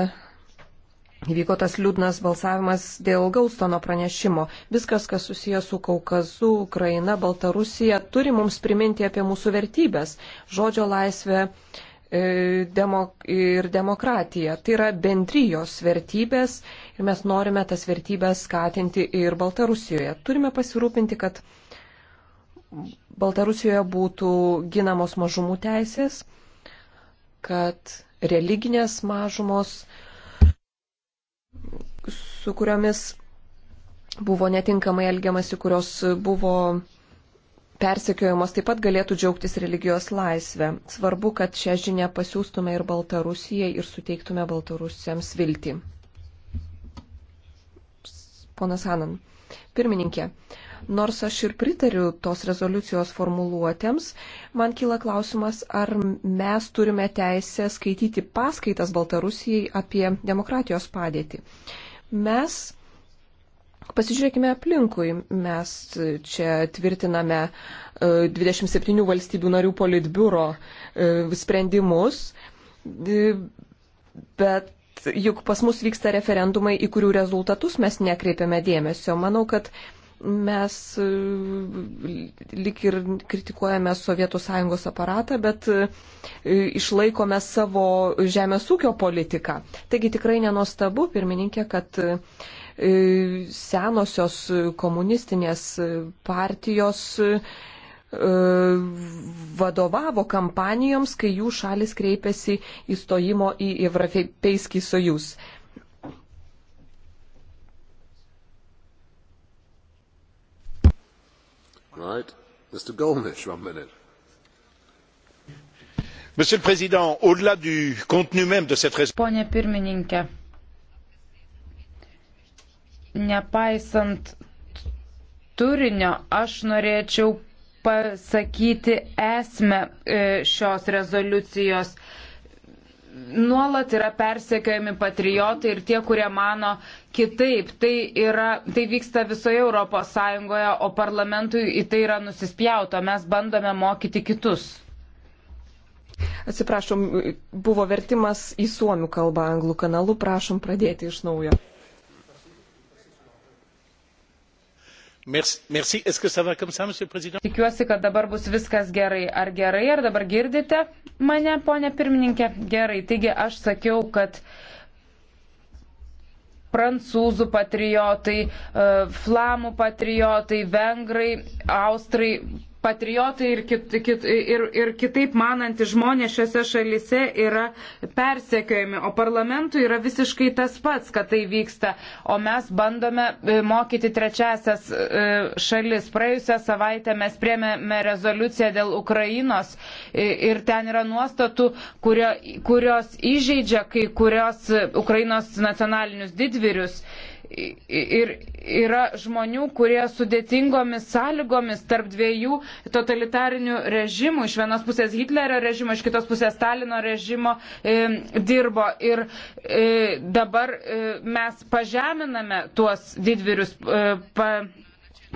Įvyko tas liūdnas balsavimas dėl Gaustono pranešimo. Viskas, kas susijęs su Kaukazu, Ukraina, Baltarusija, turi mums priminti apie mūsų vertybės - žodžio laisvę e, demok ir demokratija. Tai yra bendrijos vertybės ir mes norime tas vertybės skatinti ir Baltarusijoje. Turime pasirūpinti, kad Baltarusijoje būtų ginamos mažumų teisės, kad religinės mažumos su kuriomis buvo netinkamai elgiamasi, kurios buvo persekiojamos, taip pat galėtų džiaugtis religijos laisvę. Svarbu, kad šią žinią pasiūstume ir Baltarusijai ir suteiktume Baltarusiems viltį. Ponas Hanan. Pirmininkė, Nors aš ir pritariu tos rezoliucijos formuluotėms, man kyla klausimas, ar mes turime teisę skaityti paskaitas Baltarusijai apie demokratijos padėtį. Mes Pasižiūrėkime aplinkui. Mes čia tvirtiname 27 e, valstybių narių politbiuro e, sprendimus, e, bet juk pas mus vyksta referendumai, į kurių rezultatus mes nekreipiame dėmesio. Manau, kad mes e, lik ir kritikuojame Sovietų sąjungos aparatą, bet e, išlaikome savo žemės ūkio politiką. Taigi tikrai nenostabu, pirmininkė, kad e, senosios komunistinės partijos vadovavo kampanijoms, kai jų šalis kreipėsi įstojimo į Evrafeiskį sojus. monsieur le président au delà du contenu même de cette résolution nepaisant turinio aš norėčiau pasakyti esmę e, šios rezoliucijos nuolat yra persekiojami patriotai ir tie, kurie mano kitaip. Tai, yra, tai vyksta visoje Europos Sąjungoje, o parlamentui į tai yra nusispjauto. Mes bandome mokyti kitus. Atsiprašom, buvo vertimas į suomių kalbą anglų kanalu, prašom pradėti iš naujo. Merci. Est-ce que ça va comme ça, monsieur le président? Tikiuosi, kad dabar bus viskas gerai. Ar gerai, ar dabar girdite mane, ponė pirmininkė? Gerai. Taigi aš sakiau, kad prancūzų patriotai, e, flamų patriotai, vengrai, austrai patriotai ir, kit, kit, ir, ir kitaip manantys žmonės šiuose šalise yra persekiojami, o parlamentui yra visiškai tas pats, kad tai vyksta, o mes bandome e, mokyti trečiasias e, šalis. Praėjusią savaitę mes priemėme rezoliuciją dėl Ukrainos e, ir ten yra nuostatų, kurio, kurios įžeidžia kai kurios Ukrainos nacionalinius didvyrius ir yra žmonių, kurie sudėtingomis sąlygomis tarp dviejų totalitarinių režimų, iš vienos pusės Hitlerio režimo, iš kitos pusės Stalino režimo e, dirbo. Ir e, dabar e, mes pažeminame tuos didvyrius. E, pa,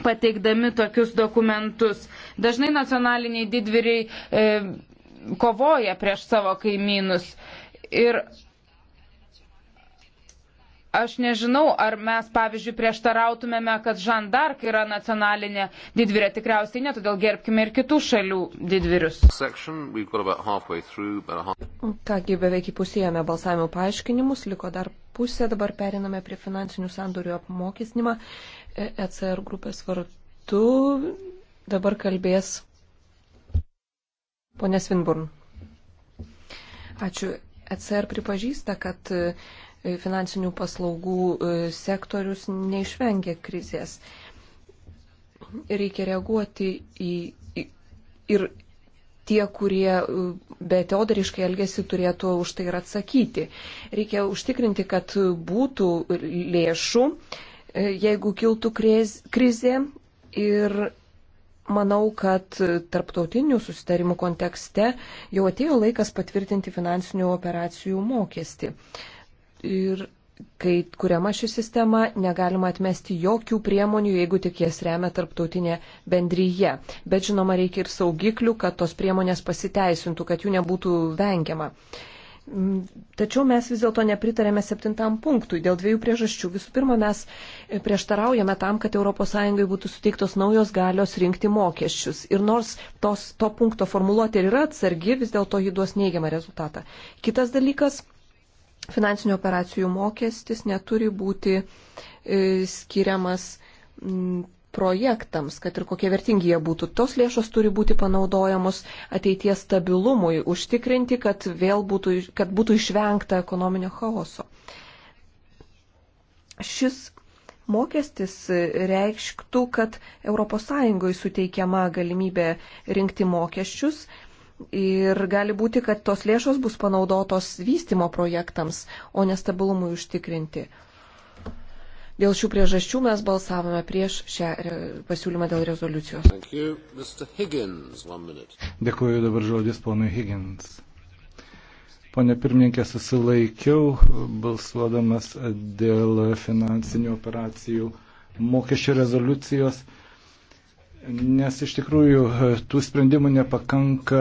pateikdami tokius dokumentus. Dažnai nacionaliniai didvyriai e, kovoja prieš savo kaimynus. Ir Aš nežinau, ar mes, pavyzdžiui, prieštarautumėme, kad Žandark yra nacionalinė didvirė. Tikriausiai ne, todėl gerbkime ir kitų šalių didvirius. Kągi, beveik įpusėjome balsavimo paaiškinimus, liko dar pusė, dabar periname prie finansinių sandorių apmokesnimą. ECR e grupės vartu dabar kalbės ponė Svinburn. Ačiū. ECR pripažįsta, kad finansinių paslaugų e, sektorius neišvengia krizės. Reikia reaguoti į, į ir tie, kurie e, beteodariškai elgesi, turėtų už tai ir atsakyti. Reikia užtikrinti, kad būtų lėšų, e, jeigu kiltų krizė ir manau, kad tarptautinių susitarimų kontekste jau atėjo laikas patvirtinti finansinių operacijų mokestį. Ir kai kuriama ši sistema, negalima atmesti jokių priemonių, jeigu tik jas remia tarptautinė bendryje. Bet žinoma, reikia ir saugiklių, kad tos priemonės pasiteisintų, kad jų nebūtų vengiama. Mm, tačiau mes vis dėlto nepritarėme septintam punktui dėl dviejų priežasčių. Visų pirma, mes prieštaraujame tam, kad ES būtų suteiktos naujos galios rinkti mokesčius. Ir nors tos, to punkto formuluotė yra atsargi, vis dėlto jį duos neigiamą rezultatą. Kitas dalykas finansinių operacijų mokestis neturi būti e, skiriamas projektams, kad ir kokie vertingi jie būtų. Tos lėšos turi būti panaudojamos ateities stabilumui, užtikrinti, kad vėl būtų, kad būtų išvengta ekonominio chaoso. Šis mokestis reikštų, kad ES suteikiama galimybė rinkti mokesčius, Ir gali būti, kad tos lėšos bus panaudotos vystimo projektams, o nestabilumui užtikrinti. Dėl šių priežasčių mes balsavome prieš šią pasiūlymą dėl rezoliucijos. Higgins, Dėkuoju dabar žodis ponui Higgins. Pone pirmininkė, susilaikiau balsuodamas dėl finansinių operacijų mokesčio rezoliucijos nes iš tikrųjų e, tų sprendimų nepakanka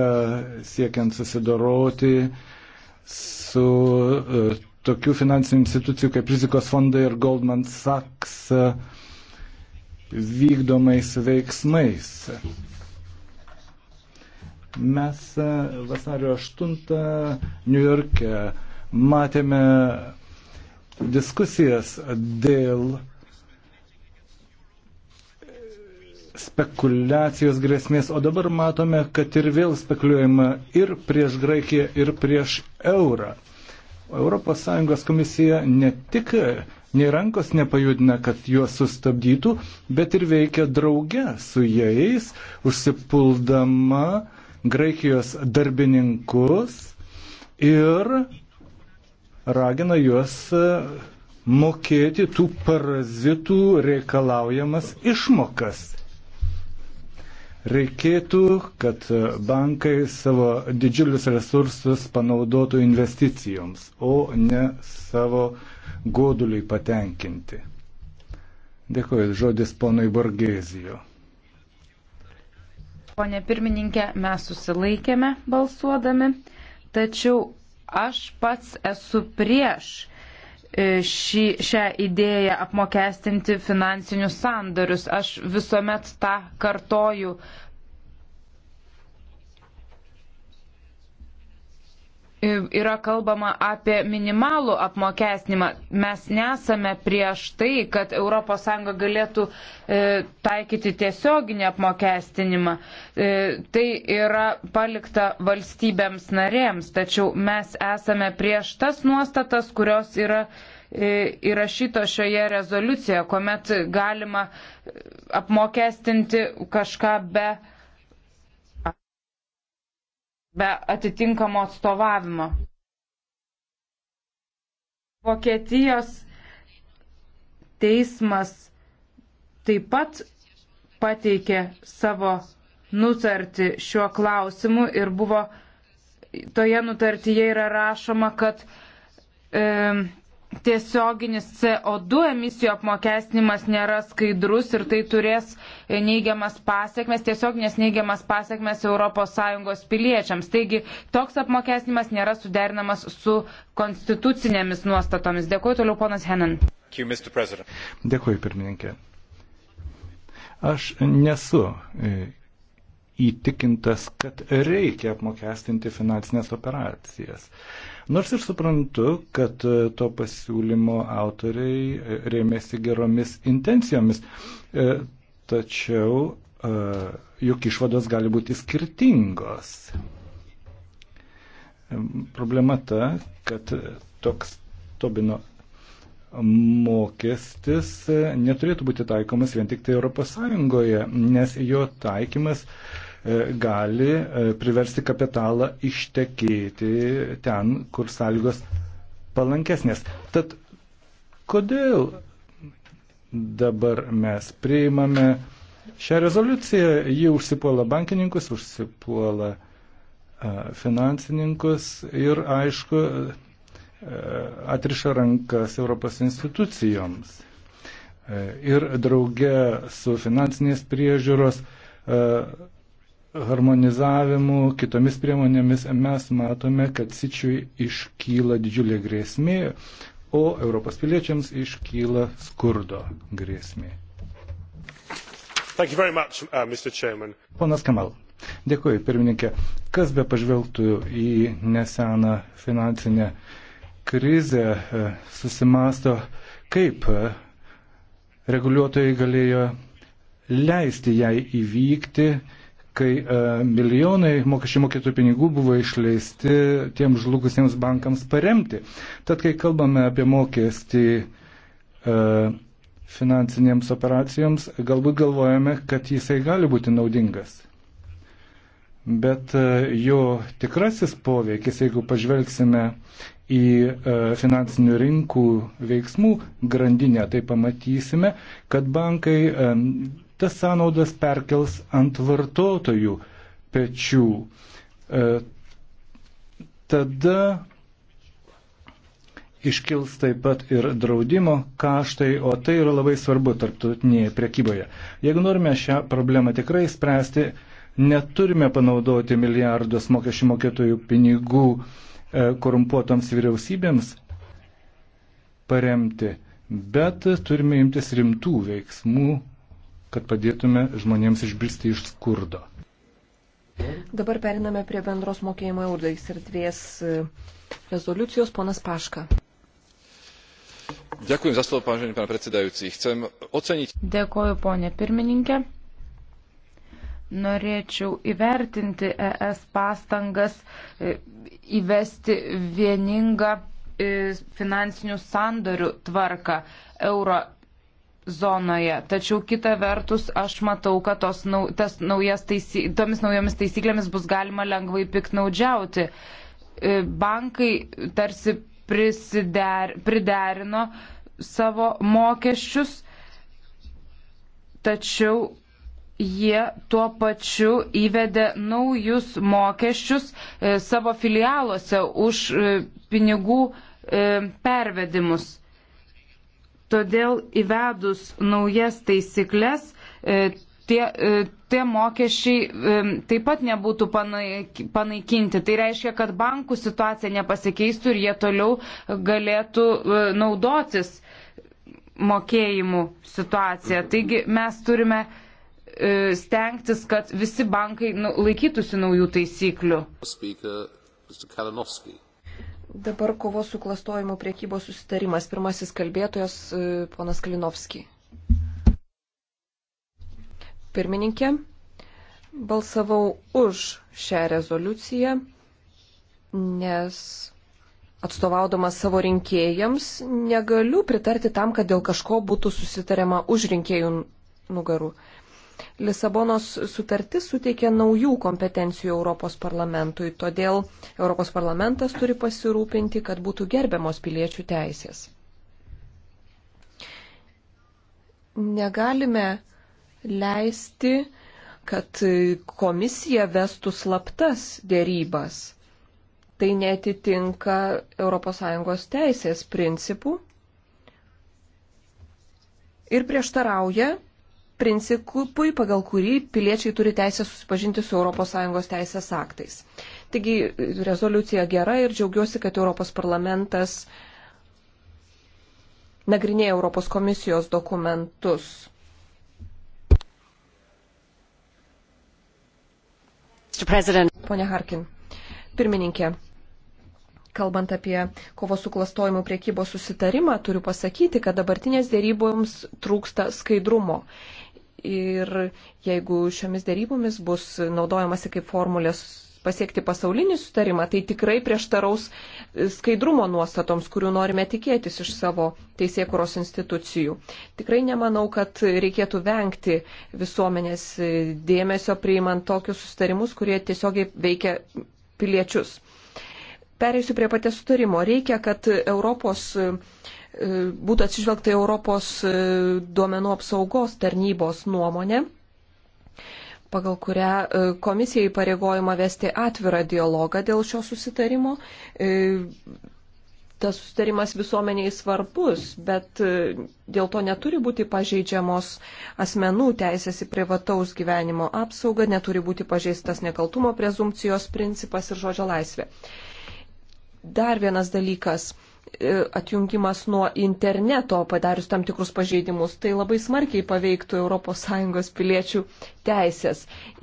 siekiant susidoroti su e, tokių finansinių institucijų kaip rizikos fondai ir Goldman Sachs e, vykdomais veiksmais. Mes vasario 8 New York'e matėme diskusijas dėl spekulacijos grėsmės, o dabar matome, kad ir vėl spekuliuojama ir prieš Graikiją, ir prieš eurą. ES komisija ne tik nei rankos nepajudina, kad juos sustabdytų, bet ir veikia drauge su jais, užsipuldama Graikijos darbininkus ir ragina juos e, mokėti tų parazitų reikalaujamas išmokas. Reikėtų, kad bankai savo didžiulius resursus panaudotų investicijoms, o ne savo goduliui patenkinti. Dėkuoju, žodis ponui Borgezijo. Pone pirmininkė, mes susilaikėme balsuodami, tačiau aš pats esu prieš E, šį, šią idėją apmokestinti finansinius sandorius. Aš visuomet tą kartoju yra kalbama apie minimalų apmokestinimą. Mes nesame prieš tai, kad ES galėtų e, taikyti tiesioginį apmokestinimą. E, tai yra palikta valstybėms narėms, tačiau mes esame prieš tas nuostatas, kurios yra e, įrašyto šioje rezoliucijoje, kuomet galima e, apmokestinti kažką be be atitinkamo atstovavimo. Vokietijos teismas taip pat pateikė savo nutartį šiuo klausimu ir buvo toje nutartyje yra rašoma, kad e, tiesioginis CO2 emisijų apmokestinimas nėra skaidrus ir tai turės e, neigiamas pasiekmes, tiesioginės neigiamas pasiekmes ES piliečiams. Taigi toks apmokestinimas nėra suderinamas su konstitucinėmis nuostatomis. Dėkuoju toliau, ponas Henan. Dėkuoju, pirmininkė. Aš nesu e, įtikintas, kad reikia apmokestinti finansinės operacijas. Nors ir suprantu, kad e, to pasiūlymo autoriai e, rėmėsi geromis intencijomis, e, tačiau juk išvados gali būti skirtingos. Problema ta, kad toks Tobino mokestis neturėtų būti taikomas vien tik tai ES, nes jo taikymas E, gali e, priversti kapitalą ištekėti ten, kur sąlygos palankesnės. Tad kodėl dabar mes priimame šią rezoliuciją, ji užsipuola bankininkus, užsipuola e, finansininkus ir aišku atriša rankas Europos institucijoms ir drauge su finansinės priežiūros harmonizavimu, kitomis priemonėmis mes matome, kad sičiui iškyla didžiulė grėsmė, o Europos piliečiams iškyla skurdo grėsmė. Much, uh, Ponas Kamal. Dėkuoju, pirmininkė. Kas be pažvelgtų į neseną finansinę krizę, e, susimasto, kaip e, reguliuotojai galėjo leisti jai įvykti, kai e, milijonai mokesčių mokėtų pinigų buvo išleisti tiems žlugusiems bankams paremti. Tad, kai kalbame apie mokestį e, finansinėms operacijoms, galbūt galvojame, kad jisai gali būti naudingas. Bet e, jo tikrasis poveikis, jeigu pažvelgsime į finansinių rinkų veiksmų grandinę, tai pamatysime, kad bankai tas sąnaudas perkels ant vartotojų pečių. E, tada iškils taip pat ir draudimo kaštai, o tai yra labai svarbu tarptautinėje prekyboje. Jeigu norime šią problemą tikrai spręsti, neturime panaudoti milijardus mokesčių mokėtojų pinigų e, korumpuotoms vyriausybėms paremti, bet turime imtis rimtų veiksmų kad padėtume žmonėms išbristi iš skurdo. Dabar periname prie bendros mokėjimo eurais ir dvies e, rezoliucijos ponas Paška. Ďakujem za slovo, vážený pán predsedajúci. Chcem oceniť... Dėkoju, ponė pirmininkė. Norėčiau įvertinti ES pastangas e, įvesti vieningą e, finansinių sandorių tvarką euro zonoje. Tačiau kita vertus, aš matau, kad tos, nau, tas naujas taisy, tomis naujomis taisyklėmis bus galima lengvai piknaudžiauti. E, bankai tarsi prisider, priderino savo mokesčius, tačiau jie tuo pačiu įvedė naujus mokesčius e, savo filialuose už e, pinigų e, pervedimus. Todėl įvedus naujas taisyklės, e, tie, e, tie mokesčiai e, taip pat nebūtų panaikinti. Tai reiškia, kad bankų situacija nepasikeistų ir jie toliau galėtų naudotis mokėjimų situacija. Taigi mes turime stengtis, kad visi bankai nu, laikytųsi naujų taisyklių. Speaker, Dabar kovos su klastojimu priekybos susitarimas. Pirmasis kalbėtojas, e, ponas Kalinovski. Pirmininkė, balsavau už šią rezoliuciją, nes atstovaudamas savo rinkėjams negaliu pritarti tam, kad dėl kažko būtų susitariama už rinkėjų nugarų. Lisabonos sutartis suteikė naujų kompetencijų Europos parlamentui, todėl Europos parlamentas turi pasirūpinti, kad būtų gerbiamos piliečių teisės. Negalime leisti, kad komisija vestų slaptas dėrybas. Tai netitinka ES teisės principų ir prieštarauja principui, pagal kurį piliečiai turi teisę susipažinti su ES teisės aktais. Taigi rezoliucija gera ir džiaugiuosi, kad Europos parlamentas nagrinėja Europos komisijos dokumentus. Pone Harkin, pirmininkė, kalbant apie kovos su klastojimu priekybos susitarimą, turiu pasakyti, kad dabartinės dėryboms trūksta skaidrumo. Ir jeigu šiomis dėrybomis bus naudojamasi kaip formulės pasiekti pasaulinį sutarimą, tai tikrai prieštaraus e, skaidrumo nuostatoms, kurių norime tikėtis iš savo teisėkuros institucijų. Tikrai nemanau, kad reikėtų vengti visuomenės e, dėmesio priimant tokius sustarimus, kurie tiesiogiai veikia piliečius. Perėsiu prie paties sutarimo. Reikia, kad Europos uh, E, būtų atsižvelgta Europos e, duomenų apsaugos tarnybos nuomonė, pagal kurią e, komisija įpareigojama vesti atvirą dialogą dėl šio susitarimo. Tas susitarimas visuomeniai svarbus, bet dėl to neturi būti pažeidžiamos asmenų teisės į privataus gyvenimo apsaugą, neturi būti pažeistas nekaltumo prezumcijos principas ir žodžio laisvė. Dar vienas dalykas. E, atjungimas nuo interneto padarius tam tikrus pažeidimus, tai labai smarkiai paveiktų ES piliečių teisės.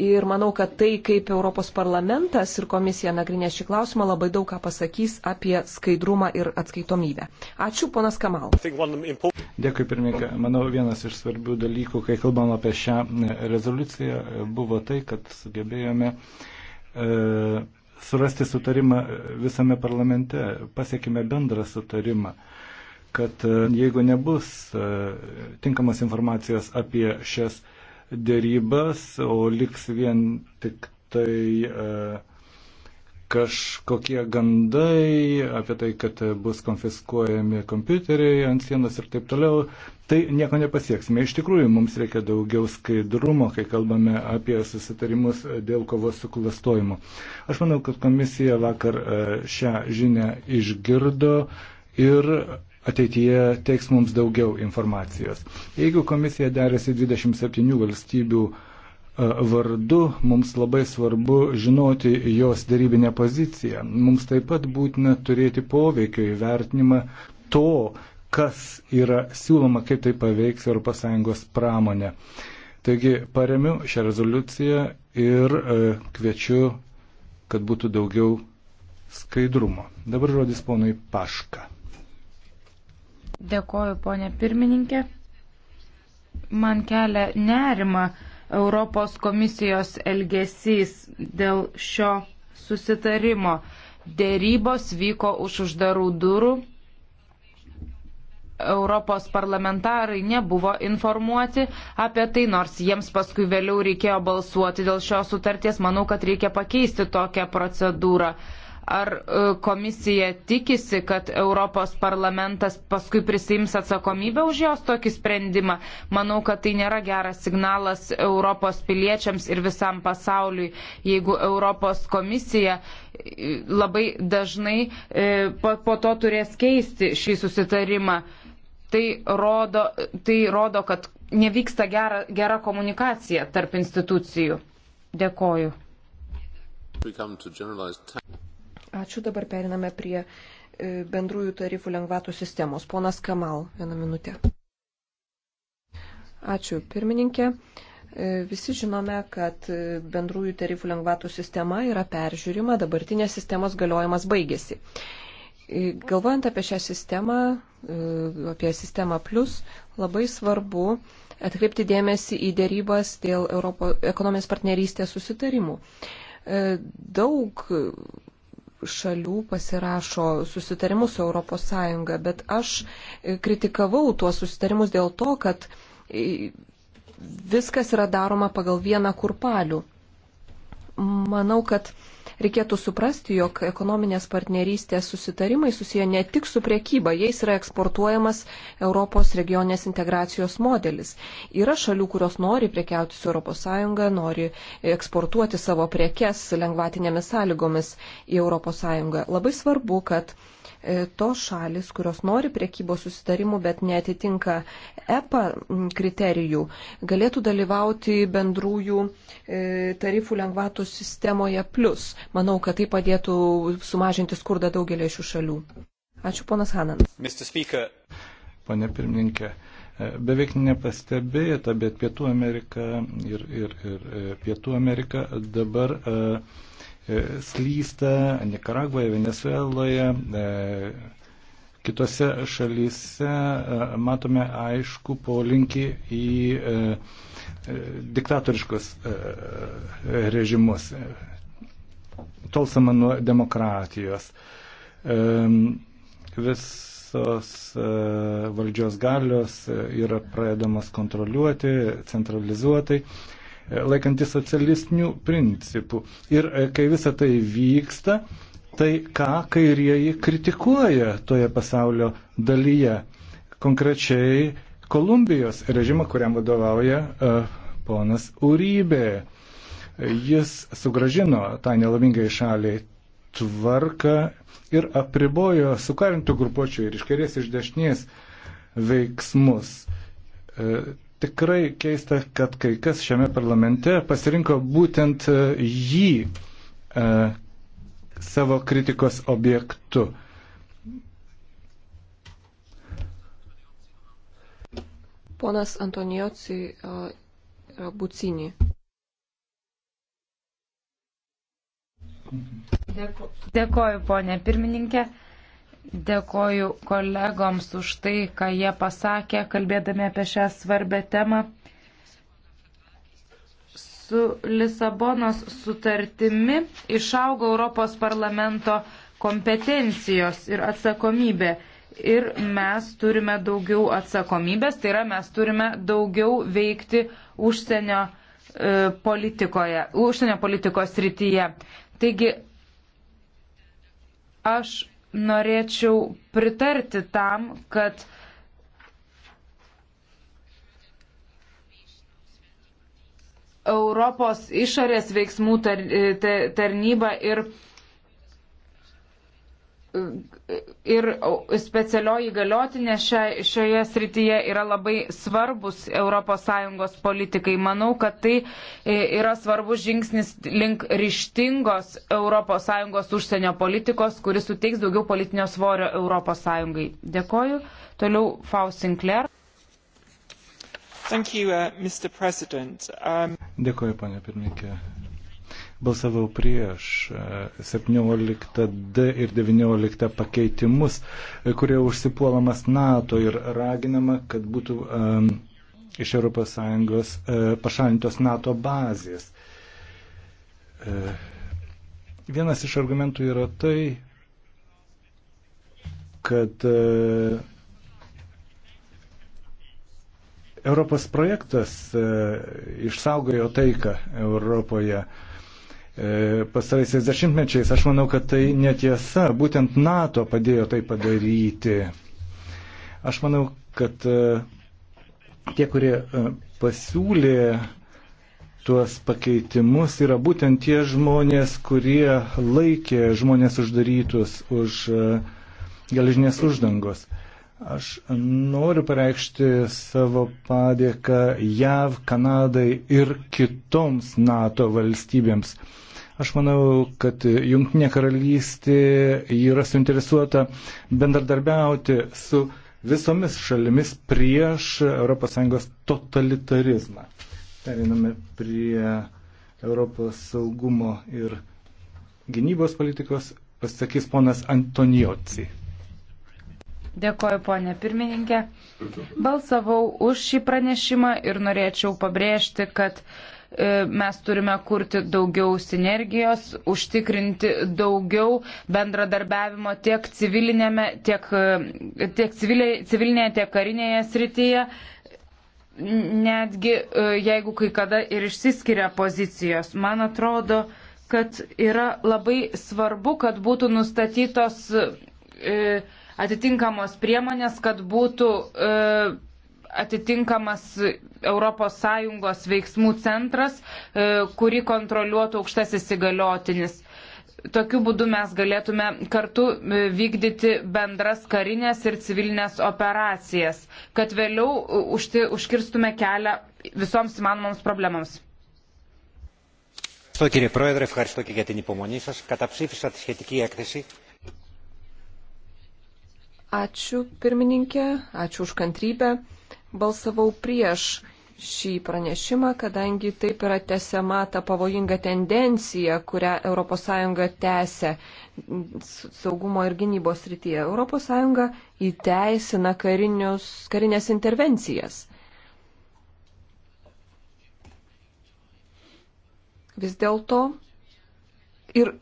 Ir manau, kad tai, kaip Europos parlamentas ir komisija nagrinės šį klausimą, labai daug ką pasakys apie skaidrumą ir atskaitomybę. Ačiū, ponas Kamal. Dėkui, pirmininkė. Manau, vienas iš svarbių dalykų, kai kalbam apie šią rezoliuciją, buvo tai, kad sugebėjome. E, surasti sutarimą visame parlamente, pasiekime bendrą sutarimą, kad e, jeigu nebus e, tinkamos informacijos apie šias dėrybas, o liks vien tik tai e, kažkokie gandai apie tai, kad bus konfiskuojami kompiuteriai ant sienos ir taip toliau, tai nieko nepasieksime. Iš tikrųjų, mums reikia daugiau skaidrumo, kai kalbame apie susitarimus dėl kovos su klastojimu. Aš manau, kad komisija vakar e, šią žinę išgirdo ir ateityje teiks mums daugiau informacijos. Jeigu komisija derėsi 27 valstybių, E, vardu mums labai svarbu žinoti jos darybinę poziciją. Mums taip pat būtina turėti poveikio įvertinimą to, kas yra siūloma, kaip tai paveiks ES pramonę. Taigi paremiu šią rezoliuciją ir e, kviečiu, kad būtų daugiau skaidrumo. Dabar žodis ponui Paška. Dėkoju, ponė pirmininkė. Man kelia nerima Europos komisijos elgesys dėl šio susitarimo. Dėrybos vyko už uždarų durų. Europos parlamentarai nebuvo informuoti apie tai, nors jiems paskui vėliau reikėjo balsuoti dėl šios sutarties. Manau, kad reikia pakeisti tokią procedūrą. Ar e, komisija tikisi, kad Europos parlamentas paskui prisims atsakomybę už jos tokį sprendimą? Manau, kad tai nėra geras signalas Europos piliečiams ir visam pasauliui, jeigu Europos komisija e, labai dažnai e, po, po to turės keisti šį susitarimą. Tai rodo, tai rodo kad nevyksta gera, gera komunikacija tarp institucijų. Dėkoju. Ačiū, dabar periname prie e, bendrųjų tarifų lengvatų sistemos. Ponas Kamal, vieną minutę. Ačiū, pirmininkė. E, visi žinome, kad e, bendrųjų tarifų lengvatų sistema yra peržiūrima, dabartinės sistemos galiojimas baigėsi. Galvojant apie šią sistemą, apie sistemą plus, labai svarbu atkreipti dėmesį į dėrybas dėl Europo, ekonominės partnerystės susitarimų. Daug šalių pasirašo susitarimus su ES, bet aš kritikavau tuos susitarimus dėl to, kad viskas yra daroma pagal vieną kurpalių. Manau, kad reikėtų suprasti, jog ekonominės partnerystės susitarimai susiję ne tik su priekyba, jais yra eksportuojamas Europos regionės integracijos modelis. Yra šalių, kurios nori priekiauti su ES, nori eksportuoti savo priekes lengvatinėmis sąlygomis į ES. Labai svarbu, kad E, tos šalis, kurios nori priekybos susitarimų, bet netitinka EPA kriterijų, galėtų dalyvauti bendrųjų e, tarifų lengvatų sistemoje plus. Manau, kad tai padėtų sumažinti skurdą daugelį šių šalių. Ačiū, ponas Hananas. Pane pirmininkė, e, beveik nepastebėta, bet Pietų Amerika ir, ir, ir Pietų Amerika dabar uh, E, slysta Nikaragvoje, Venezueloje, e, kitose šalyse e, matome aišku polinkį į diktatoriškus režimus, tolsama nuo demokratijos. Visos valdžios galios yra pradedamos kontroliuoti centralizuotai laikantis socialistinių principų. Ir e, kai visa tai vyksta, tai ką kairieji kritikuoja toje pasaulio dalyje. Konkrečiai Kolumbijos režimą, kuriam vadovauja uh, ponas Urybė. Jis sugražino tą nelavingai šaliai tvarką ir apribojo sukarintų grupuočių ir iš kairės iš dešinės veiksmus. Uh, Tikrai keista, kad kai kas šiame parlamente pasirinko būtent e, jį e, savo kritikos objektu. Ponas Antonijoci e, Bucini. Dėkuoju, ponė pirmininkė. Dėkoju kolegoms už tai, ką jie pasakė, kalbėdami apie šią svarbę temą. Su Lisabonos sutartimi išaugo Europos parlamento kompetencijos ir atsakomybė ir mes turime daugiau atsakomybės, tai yra mes turime daugiau veikti užsienio, e, politikoje, užsienio politikos rytyje. Taigi aš norėčiau pritarti tam, kad Europos išorės veiksmų tarnyba ir ir specialioji galiotinė šioje srityje yra labai svarbus ES politikai. Manau, kad tai e, yra svarbus žingsnis link ryštingos ES užsienio politikos, kuris suteiks daugiau politinio svorio ES. Dėkoju. Toliau Faust Sinclair. Thank you, uh, Mr. President. Um... Dėkoju, panė pirmininkė balsavau prieš 17D e, ir 19 pakeitimus, e, kurie užsipuolamas NATO ir raginama, kad būtų um, iš ES e, pašalintos NATO bazės. Vienas iš argumentų yra tai, kad Europos projektas išsaugojo taiką Europoje. E, pastaraisiais dešimtmečiais. Aš manau, kad tai netiesa. Būtent NATO padėjo tai padaryti. Aš manau, kad e, tie, kurie e, pasiūlė tuos pakeitimus, yra būtent tie žmonės, kurie laikė žmonės uždarytus už geležinės uždangos. Uh, Aš noriu pareikšti savo padėką JAV, Kanadai ir kitoms NATO valstybėms. Aš manau, kad Junktinė karalystė yra suinteresuota bendradarbiauti su visomis šalimis prieš ES totalitarizmą. Periname prie Europos saugumo ir gynybos politikos, pasakys ponas Antonijoci. Dėkoju, ponė pirmininkė. Balsavau už šį pranešimą ir norėčiau pabrėžti, kad e, mes turime kurti daugiau sinergijos, užtikrinti daugiau bendradarbiavimo tiek, tiek, e, tiek civilė, civilinėje, tiek karinėje srityje netgi e, jeigu kai kada ir išsiskiria pozicijos. Man atrodo, kad yra labai svarbu, kad būtų nustatytos E, atitinkamos priemonės, kad būtų e, atitinkamas ES veiksmų centras, e, kurį kontroliuotų aukštasis įgaliotinis. Tokiu būdu mes galėtume kartu vykdyti bendras karinės ir civilinės operacijas, kad vėliau užti, užkirstume kelią visoms įmanomoms problemams. Κύριε Πρόεδρε, ευχαριστώ και για την υπομονή σας. Καταψήφισα τη σχετική έκθεση Ačiū pirmininkė, ačiū už kantrybę. Balsavau prieš šį pranešimą, kadangi taip yra tesiama ta pavojinga tendencija, kurią ES tęsia saugumo ir gynybos rytyje. ES įteisina karinius, karinės intervencijas. Vis dėlto ir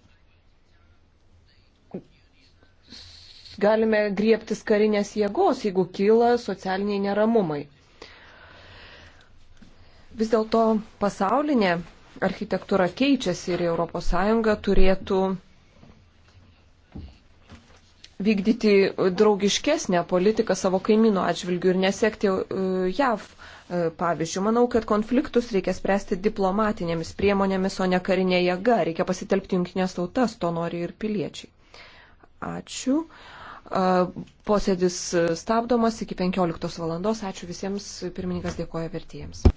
galime griebtis karinės jėgos, jeigu kyla socialiniai neramumai. Vis dėlto pasaulinė architektūra keičiasi ir ES turėtų vykdyti draugiškesnę politiką savo kaimino atžvilgių ir nesekti e, JAV e, pavyzdžių. Manau, kad konfliktus reikia spręsti diplomatinėmis priemonėmis, o ne karinė jėga. Reikia pasitelkti jungtinės tautas, to nori ir piliečiai. Ačiū. Posėdis stabdomas iki 15 valandos. Ačiū visiems. Pirmininkas dėkoja vertėjams.